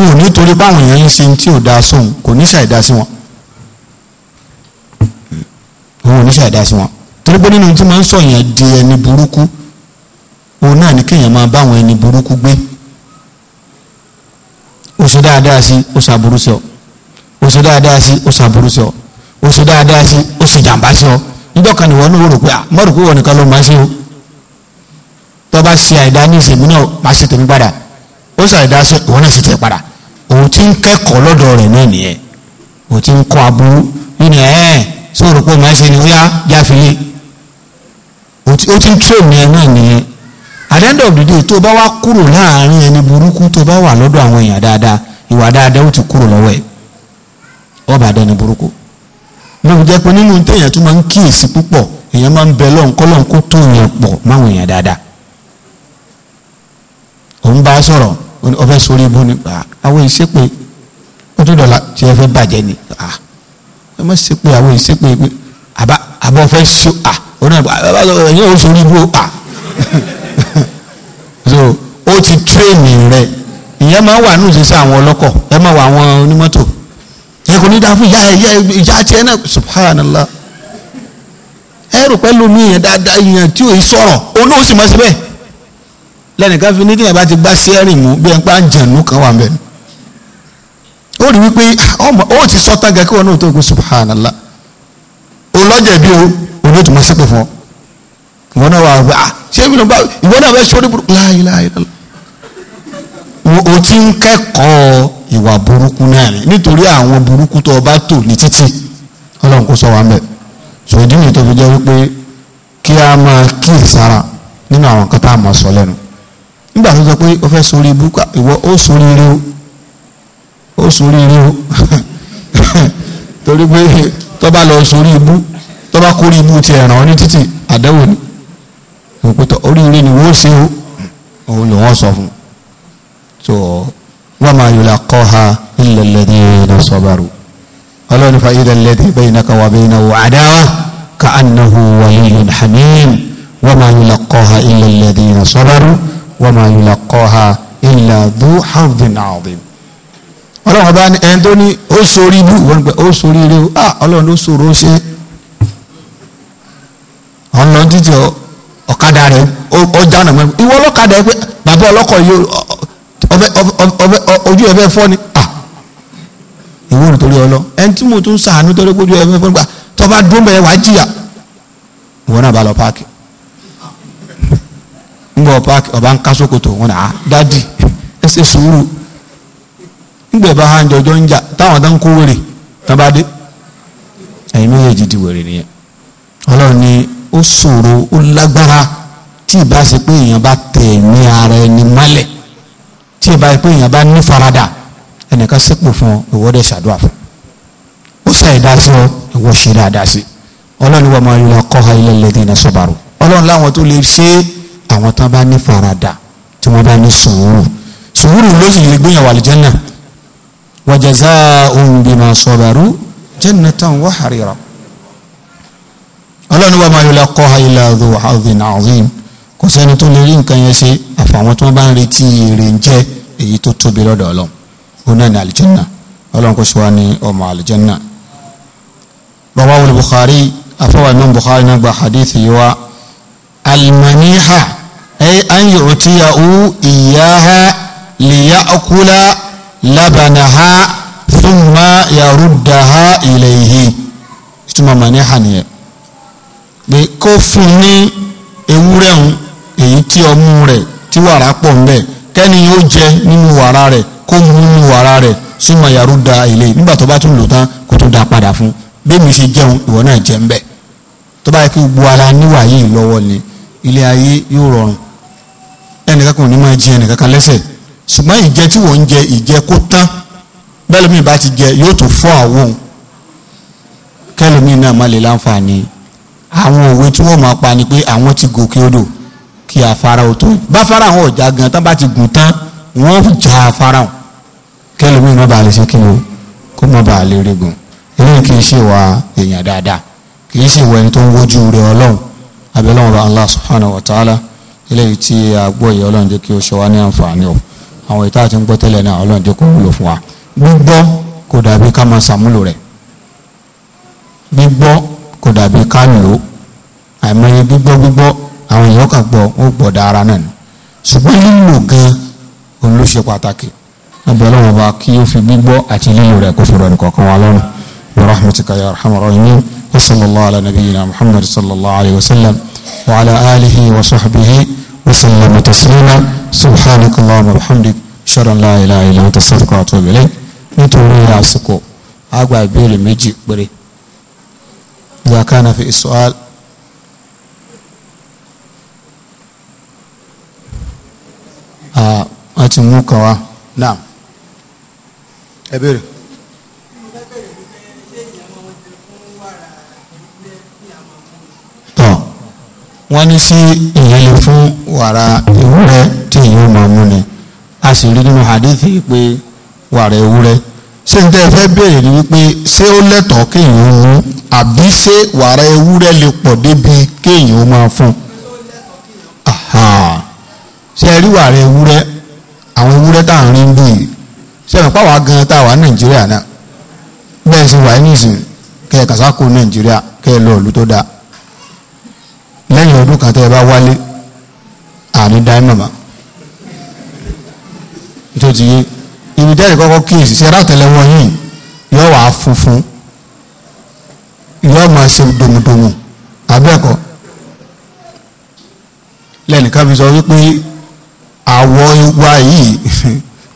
òun ò ní torí báwọn èèyàn ń ṣe tí ò da sóun kò ní ṣàìdá sí wọn òun ò ní ṣàìdá sí wọn torí pé nínú tí máa ń sọ èèyàn di ẹni burúkú òun náà ní kéèyàn máa báwọn ẹni burúkú gbé ó ṣe dáadáa sí ó ṣàbúrú sí ọ ó ṣe dáadáa sí ó ṣàbúrú sí ọ ó ṣe dáadáa sí ó ṣe sí ọ níjọ́ kan nìwọ náà rò pé mọ́rù pé wọ́n nìkan ló máa ṣe o tó bá ṣe àìdá ní ìṣèlú náà máa ṣe tèmi ó ṣàìdá sí ìwọ náà ṣe tẹ̀ òun ti ń kẹ́kọ̀ọ́ lọ́dọ̀ rẹ̀ náà nìyẹn òun ti ń kọ́ aburú nínú ẹ̀ sóòrò pé màá ṣe ni wíyá jáfilé ó ti ń tírèmù ẹ náà nìyẹn at the end of the day tó bá wá kúrò láàrin ẹni burúkú tó bá wà lọ́dọ̀ àwọn èèyàn dáadáa ìwà dáadáa ó ti kúrò lọ́wọ́ ẹ̀ ọba àdáni burúkú lóòótọ́ jẹ́ pé nínú téèyàn tó máa ń kíyèsí púpọ̀ èèyàn máa ń bẹ lọ́n kọ́ lọ́n kó tó yẹn pọ̀ máwọn èèyàn dáadáa òun bá sọ̀rọ̀ ọbẹ̀ sórí ibú ni ah, àwọn ìṣépè ó tún dọ̀la tí ẹ fẹ́ bàjẹ́ ni ah, ẹ má ṣépè àwọn ìṣépè pé àbá àbọ̀ fẹ́ ṣó à ah, òun náà bá sọ ẹ̀yìn òun sórí ibú à so ó ti tírèènì rẹ ìyẹn máa wà nùsí sí àwọn ọlọ́kọ̀ ẹ máa wà àwọn onímọ́tò ẹ kò ní dáa fún ìyá ìyá ìyá tiẹ̀ náà subhanallah ẹ rò pẹ́ lómi yẹn dáadáa yẹn tí ò sọ̀rọ̀ òun náà ó sì mọ̀ síbẹ̀ lẹ́nìkan fi ní tíyẹn bá ti gbá sẹ́rìn mú bí ẹn pa ń jẹ̀nu kan wà mẹ́rin ó rí wípé ah, ó ti sọ tán gẹ́gẹ́ wọn náà tó kó subhanallah ó lọ́jẹ̀ bí o òun ó tún mọ sípò fún ọ ìwọ náà wà wá ah, ṣé ìwọ náà ìwọ náà bẹ sọ́ọ́ burúkú láàyè láàyè lọ́la o ti ń kẹ́kọ̀ọ́ ìwà burúkú náà ni nítorí àwọn burúkú tó o bá tò ní títì ọlọ́run kó sọ wà mẹ́ sòdí mi tó fi jẹ́ wípé kí a máa kíyèsára nínú àwọn kan tá a máa sọ lẹ́nu nígbà tó sọ pé o fẹ́ sórí ibú ìwọ ó sórí ire o ó sórí ire o torí pé tó bá lọ sórí ibú tó bá kórí ibú ti ẹ̀ràn ní títì àdẹ́wò ni òpótọ́ oríire ni wọ́n ṣe o òun ló wọ́n sọ fún so wa ma yulaqaha illa alladhina sabaru ọlọ́run fa idha alladhi baynaka wa baynahu adawa ka annahu waliyyun hamim wa ma yulaqaha illa alladhina sabaru wa ma yulaqaha illa dhu hadhin adhim ọlọ́run bá ní ẹni tó ní ó sori ibú wọn pé ó sori ire o ah ọlọ́run ló sòrò ó ṣe ọ̀n lọ títí ọ̀kadà rẹ̀ ó jáná mọ́ ìwọ ọlọ́kadà yẹ pé bàbá ọlọ́kọ̀ yìí ọbẹ̀ ọbẹ̀ ojú ẹ̀ fẹ́ fọ́ ni ah ìwọ nítorí ọlọ ẹni tí mo tún sàánú torí pé ojú ẹ̀ fọ́ nígbà tó bá dún bẹ̀rẹ̀ wàá jìyà ìwọ náà bá lọ páàkì ngbọ paaki ọba nka sokoto wọn a dadi ẹsẹ sùúrù ngbẹ bá hàn jọjọ ń jà táwọn dán kó wèrè tán bá dé ẹyin méjèèjì di wèrè nìyẹn Ọlọ́run ni ó ṣòro ó lágbára tí ì bá ṣe pé èèyàn bá tẹ ẹ̀mí ara ẹni mọ́lẹ̀ tí ì bá ṣe pé èèyàn bá ní farada ẹnìkan sépò fún ọ ṣàdúrà fún ó ṣàìdá sí ọ ìwọ ṣe dáadáa sí Ọlọ́run wa ma yulaqaha illa alladhina sabaru Ọlọ́run láwọn tó lè ṣe é àwọn tán bá ní farada tí wọ́n bá ní sùúrù sùúrù ló sì lè gbéyàwó àlìjẹ́nà wa jazaa'uhum bima sabaru jannatan wa harira ọlọ́run wa ma yulaqqaha illa dhu hadhin azim kò sẹ́ni tó lè rí nǹkan yẹn ṣe àfàwọn tí bá ń retí èrè ń jẹ́ èyí tó tóbi lọ́dọ̀ ọlọ́run ó náà ní àlìjẹ́nà ọlọ́run kò ṣùwà ní ọmọ àlìjẹ́nà. bàbá wọlé Bukhari afọwọ́ imam Bukhari náà gba hadith yìí wá almaniha أي أن يعطيه إياها ليأكل labanaha ثم يردها إليه. ìtumọ̀ màníhà nìyẹn بكفني kó fún ní ewúrẹ́ ń èyí tí ọmú rẹ̀ tí wàrà pọ̀ ń bẹ̀ kẹ́ni yóò jẹ nínú wàrà rẹ̀ kó mú nínú wàrà rẹ̀ súnmọ́ yaruddaha ilayhi nígbà tó bá tún lò tán kó tún dá padà fún bẹ́ẹ̀ ṣe jẹun ìwọ náà jẹ ń tó bá yẹ kí gbogbo ara níwàyí lọ́wọ́ ni ilé ayé yóò rọrùn ẹnìkan kan ò ní máa jẹ ẹnìkan kan lẹ́sẹ̀ ṣùgbọ́n ìjẹ tí wọ́n ń jẹ ìjẹ kó tán bẹ́ẹ̀ lómi ìbá ti jẹ yóò tún fọ́ àwọn òun kẹ́lómi náà má lè láǹfààní àwọn òwe tí wọ́n máa pa ni pé àwọn ti gòkè odò kí afárá o tó bá fara àwọn ọ̀já gan tán bá ti gùn tán wọ́n já afárá wọn kẹ́lómi má bàa lè ṣe kí ni o kó má bàa lè regun eléyìí kì í ṣe wà èèyàn dáadáa kì í ṣe wọ tó ń wojú rẹ ọlọ́run abẹ́lẹ́ wọn bá Allah subhanahu wa ta'ala eléyìí tí a gbọ́ yìí ọlọ́run jẹ́ kí o ṣe wá ní àǹfààní o àwọn ìta àti ń gbọ́ tẹ́lẹ̀ náà ọlọ́run jẹ́ kó wúlò fún wa gbígbọ́ kò dàbí ká máa ṣàmúlò rẹ̀ gbígbọ́ kò dàbí ká lò àìmọye gbígbọ́ gbígbọ́ àwọn èèyàn kan gbọ́ ó gbọ́ dára náà ṣùgbọ́n lílo gan òun ló ṣe pàtàkì abẹ́ ọlọ́run bá kí ó fi gbígbọ́ àti lílo rẹ̀ kó fi rọ̀ sallallahu ala nabiyyina muhammad sallallahu alayhi wa وعلى آله وصحبه وسلم تسليما سبحانك اللهم وبحمدك شر لا إله إلا أنت أستغفرك وأتوب إليك nítorí àsìkò àgbà ìbéèrè méjì péré zakana fi isual a ti mú kan wá wọ́n ní sí ìyẹlẹ fún wàrà ewúrẹ́ tí èyí máa mú ni a sì rí nínú hadith yìí pé wàrà ewúrẹ́ ṣé n tẹ́ fẹ́ béèrè ni wípé ṣé ó lẹ́tọ̀ọ́ kéèyàn mú àbí ṣé wàrà ewúrẹ́ lè pọ̀ débi kéèyàn máa fún ṣé ẹ rí wàrà ewúrẹ́ àwọn ewúrẹ́ tá à ń rí ń bì í ṣé ẹ̀ pàwọ́ gan tá a wà nàìjíríà náà bẹ́ẹ̀ sì wà ní ìsìn kẹ́ ẹ̀ kàṣákò nàìjíríà kẹ́ ẹ lọ ìlú tó dáa lẹ́yìn ọdún kan tẹ́ ẹ bá wálé àní dáínàmà tó ti yé ibi dẹ́rẹ̀ kọ́kọ́ kíyèsí ṣe rátẹ̀lẹ́wọ́ yìí yọ wàá funfun yọ máa ṣe domudomu abẹ́ẹ̀kọ́ lẹ́nìkan fi sọ wípé àwọ̀ wa yìí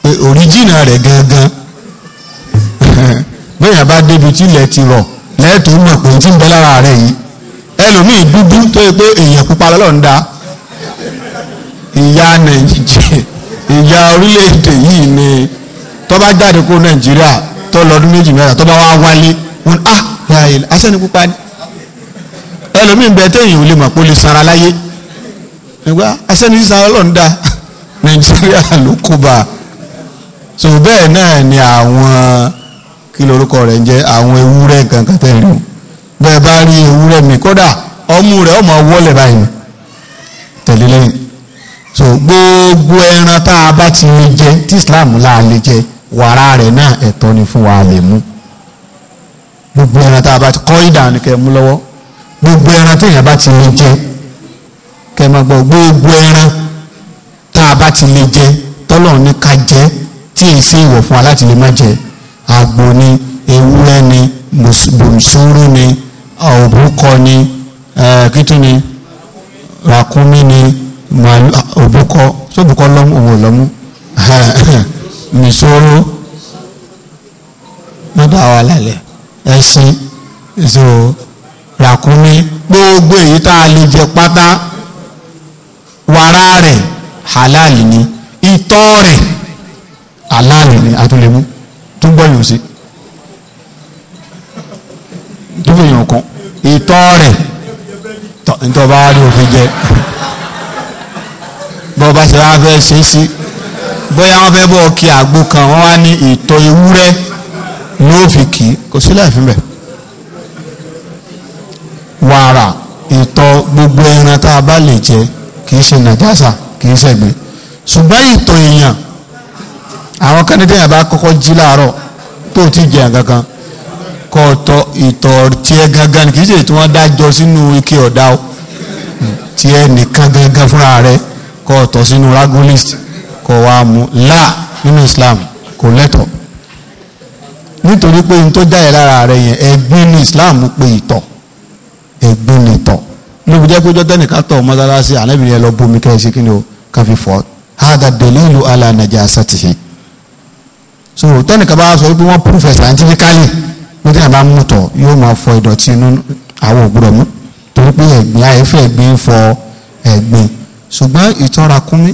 pé òríjìnà rẹ̀ gangan bẹ́ẹ̀ yẹn bá débi tí ilẹ̀ ti rọ̀ lẹ́ẹ̀tọ́ mọ̀ pé tí ń bẹ lára rẹ̀ yìí ẹlòmíì dúdú tó yẹ pé èèyàn pupa lọ́lọ́run dá ìyá nàìjíríà ìyá orílẹ̀-èdè yìí ni tó bá jáde kó nàìjíríà tó lọ́dún méjì mẹ́ta tó bá wá wálé wọn á láàyè asẹ́ni pupa ni ẹlòmíì bẹ téèyàn ò lè mọ̀ pé ó lè sanra láyé nígbà asẹ́ni sísan ọlọ́run dá nàìjíríà ló kó bá a so bẹ́ẹ̀ náà ni àwọn kí lorúkọ rẹ̀ ń jẹ́ àwọn ewúrẹ́ kankan tẹ̀lé o. bẹ́ẹ̀ bá rí ewúrẹ́ mi kódà ọmú rẹ̀ ọmọ wọlé báyìí tẹ̀lé lẹ́yìn so gbogbo ẹran tá a bá ti lè jẹ tí Islam là á lè jẹ wàrà rẹ̀ náà ẹ̀tọ́ ni fún wa lè mú gbogbo ẹran tá a bá ti kọ́ ìdààmú kẹ́ mú lọ́wọ́ gbogbo ẹran téèyàn bá ti lè jẹ kẹ́ máa gbọ́ gbogbo ẹran tá a bá ti lè jẹ tọ́lọ̀ ní ká jẹ tí èyí sí ìwọ̀ fún wa láti lè má jẹ àgbò ni ewúrẹ́ ni bòmsóró ni Ah, òbúkọ ni kító ni ràkúnmí ni ah, òbúkọ sóbùkọ lọ́mú òun lọ́mú nìṣòro mọ́tò àwọn alálẹ̀ ẹṣin ìṣó ràkúnmí gbogbo èyí tá a lè jẹ pátá wàrà rẹ̀ halal ni ìtọ̀ rẹ̀ halal ni a tún lè mú túbọ̀ yòó sí dúró èèyàn kan ìtọ́ rẹ̀ nítorí bá wà ní òfin jẹ bọ́ bá ṣe wá fẹ́ ṣe é sí bóyá wọ́n fẹ́ bọ̀ kí àgbo kan wọ́n wá ní ìtọ́ ewúrẹ́ ló fi kì í kò sílẹ̀ fún bẹ́ẹ̀ wàrà ìtọ̀ gbogbo ẹran tá a bá lè jẹ kì í ṣe nàjásà kì í ṣẹ̀gbẹ́ ṣùgbọ́n ìtọ̀ èèyàn àwọn kan bá kọ́kọ́ jí láàárọ̀ tó ti jẹ àgàkan kọ́ ọ̀tọ̀ ìtọ̀ tiẹ̀ gangan kì í ṣe tí wọ́n dájọ́ sínú ike ọ̀dà o tiẹ̀ nìkan gangan fúnra rẹ̀ kọ́ ọ̀tọ̀ sínú ragolist kọ́ wa mú là nínú Islam kò lẹ́tọ̀ nítorí pé n tó jáde lára rẹ̀ yẹn ẹ̀gbin ní Islam pé ìtọ̀ ẹ̀gbin ní ìtọ̀ lóbi jẹ́ pé jọ́tẹ́ nìkan tọ̀ mọ́sálásí ànábìrin ẹ lọ bomi kẹ́ ẹ ṣe kí ni o káfí fọ́ hada dalilu ala najasatihi so tẹ́nìkan bá sọ pé wọ́n prove scientifically nítorí àbá mú tọ̀ yóò máa fọ ìdọ̀tí inú àwọn ògbúrọ̀ mú torí pé ẹ̀gbin àìfẹ́ ẹ̀gbin fọ ẹ̀gbin ṣùgbọ́n ìtọ́ra kúnmí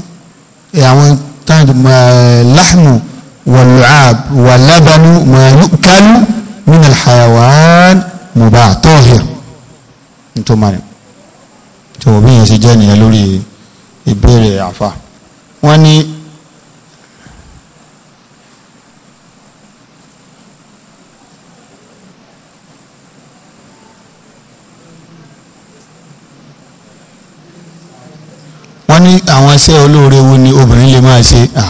àwọn láhmù wàlúàb wàlábánú màlúkálú min alhayawan mubá tọ́hìr nítorí tó bí yẹn ṣe jẹ́ nìyẹn lórí ìbéèrè àfa wọ́n ní. ní àwọn iṣẹ́ olóore wo ni obìnrin lè máa ṣe à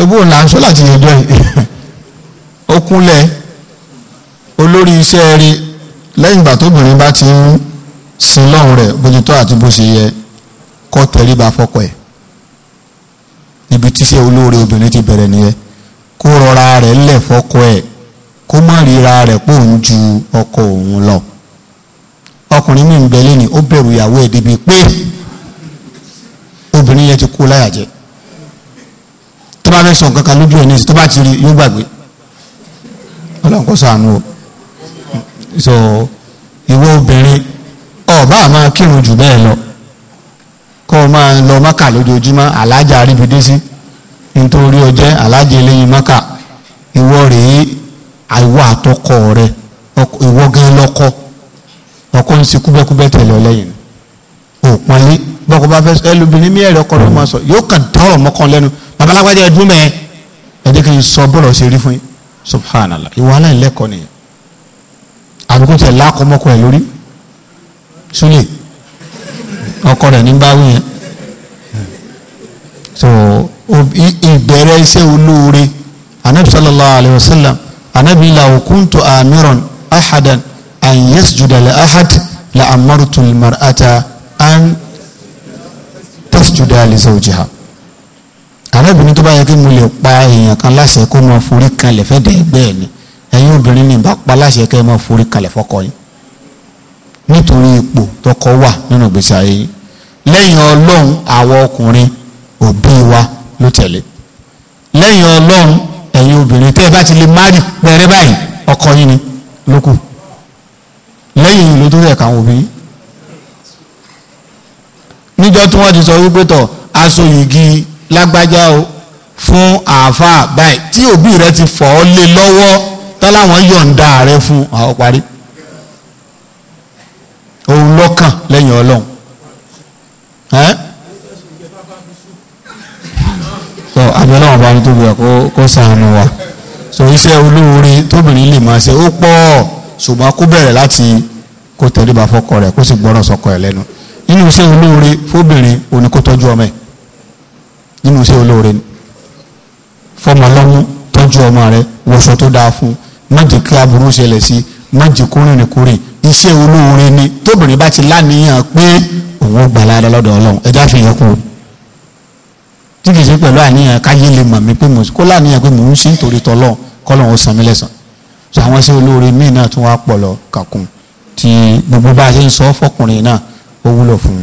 ebó là ń sọ láti yẹjọ́ yìí ó kúnlẹ̀ olórí iṣẹ́ rí lẹ́yìn ìgbà tóbìnrin bá ti ń sin lọ́run rẹ̀ bójú tó àti bó ṣe yẹ kó tẹríba fọ́kọ ẹ̀ níbi tíṣẹ́ olóore obìnrin ti bẹ̀rẹ̀ nìyẹn kó rọra rẹ̀ lẹ̀ fọ́kọ ẹ̀ kó má ríra rẹ̀ pò ń ju ọkọ òun lọ ọkùnrin mi ń bẹ lẹ́ni ó bẹ̀rù ìyàwó ẹ̀ débi pé obìnrin yẹn ti kú láyà jẹ tó bá fẹ́ sọ nǹkan kan lójú ẹ̀ ní tó bá ti rí yóò gbàgbé ọlọ́run kó o so ìwọ obìnrin ọba àmà kírun jù bẹ́ẹ̀ lọ kó o máa lọ mọ́kà lójoojúmọ́ alájà àríbidé sí nítorí ọjẹ́ alájà eléyìí mọ́kà ìwọ rèé àìwọ àtọkọ rẹ ìwọ gan lọkọ ọkọ ń ṣe kúbẹ́kúbẹ́ tẹ̀lé ọ lẹ́yìn bọ́kọ bá fẹ́ sọ ẹlòmíràn mi ẹ̀rọ kọ́ ló máa sọ yóò kàn tọrọ mọ́kàn lẹ́nu babalágbájá ẹ̀dún mẹ́ ẹ jẹ́ kí n sọ bọ́lọ̀ ṣe rí fún yín subhanallah ìwà aláìlẹ́kọ̀ọ́ nìyẹn àbíkú tẹ̀ lákọ̀ọ́mọ́kọ̀ ẹ̀ lórí súlẹ̀ ọkọ rẹ̀ ní báwí yẹn so ìbẹ̀rẹ̀ iṣẹ́ olóore anabi sallallahu alayhi wa sallam anabi law kuntu amiran ahadan an yasjuda li ahad la amartu al-mar'ata an tasjuda li zawjiha arábìnrin tó bá yẹ kí mo lè pa èèyàn kan láṣẹ kó máa forí kalẹ̀ fẹ́ dẹ̀ ẹgbẹ́ ẹ̀ ni ẹ̀yin obìnrin ní bá pa láṣẹ kẹ́ ẹ máa forí kalẹ̀ fọ́kọ yín nítorí ipò tọkọ wà nínú ìgbésí ayé yín lẹ́yìn ọlọ́run àwọn ọkùnrin òbí wa ló tẹ̀lé lẹ́yìn ọlọ́run ẹ̀yin obìnrin tẹ́ ẹ bá ti lè márì pẹ̀rẹ́ báyìí ọkọ yín ni lókù lẹ́yìn ìlú tó yẹ káwọn obìnrin níjọ́ tí wọ́n ti sọ wípé tọ̀ aṣoyìgì lágbájá o fún àáfàá báyìí tí òbí rẹ ti fọ́ ọ lé lọ́wọ́ tọ́láwọn yọ̀ǹda rẹ fún àwọn parí òun lọ́kàn lẹ́yìn ọlọ́run so abiola wọn bá mi tóbi ọkọ kó sànù wa so iṣẹ́ olóore tóbìnrin lè máa ṣe ó pọ̀ ṣùgbọ́n kó bẹ̀rẹ̀ láti kó tẹríba fọ́kọ rẹ̀ kó sì gbọ́ràn sọ́kọ rẹ̀ lẹ́nu nínú iṣẹ́ olóore fóbìnrin òní kó tọ́jú ọmọ ẹ̀ nínú iṣẹ́ olóore ni fọmọ lọ́mú tọ́jú ọmọ rẹ wọṣọ tó dáa fún má jẹ́ kí aburú ṣẹlẹ̀ sí má jẹ́ kó rìnrìn kúrìn iṣẹ́ olóore ni tóbìnrin bá ti láníyàn pé òun ó gbà lára lọ́dọ̀ ọlọ́run ẹ̀dá fi yẹn kú tí kì í ṣe pẹ̀lú àníyàn káyé lè mọ̀ mí pé mo kó láníyàn pé mò ń ṣe nítorí tọ́lọ́ kọ́lọ́run ó mí lẹ́san so àwọn iṣẹ́ olóore míì náà tún wá pọ̀ lọ kàkún ti gbogbo bá a ṣe ń sọ fọkùnrin náà ó wúlò fún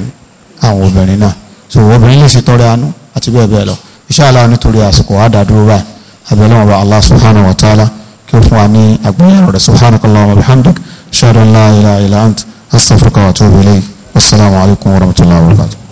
àwọn obìnrin náà so obìnrin lè ṣe tọrẹ àánú àti bẹ́ẹ̀ bẹ́ẹ̀ lọ insha Allah nítorí àsìkò àdàdúró báyìí abẹ́lẹ́ wọn bá Allah subhanahu wa ta'ala kí ó fún wa ní àgbéyẹ̀wò rẹ̀ subhanakallahumma wa bihamdik ashhadu an la ilaha illa ant astaghfiruka wa atubu wa rahmatulahi wa barakatuh.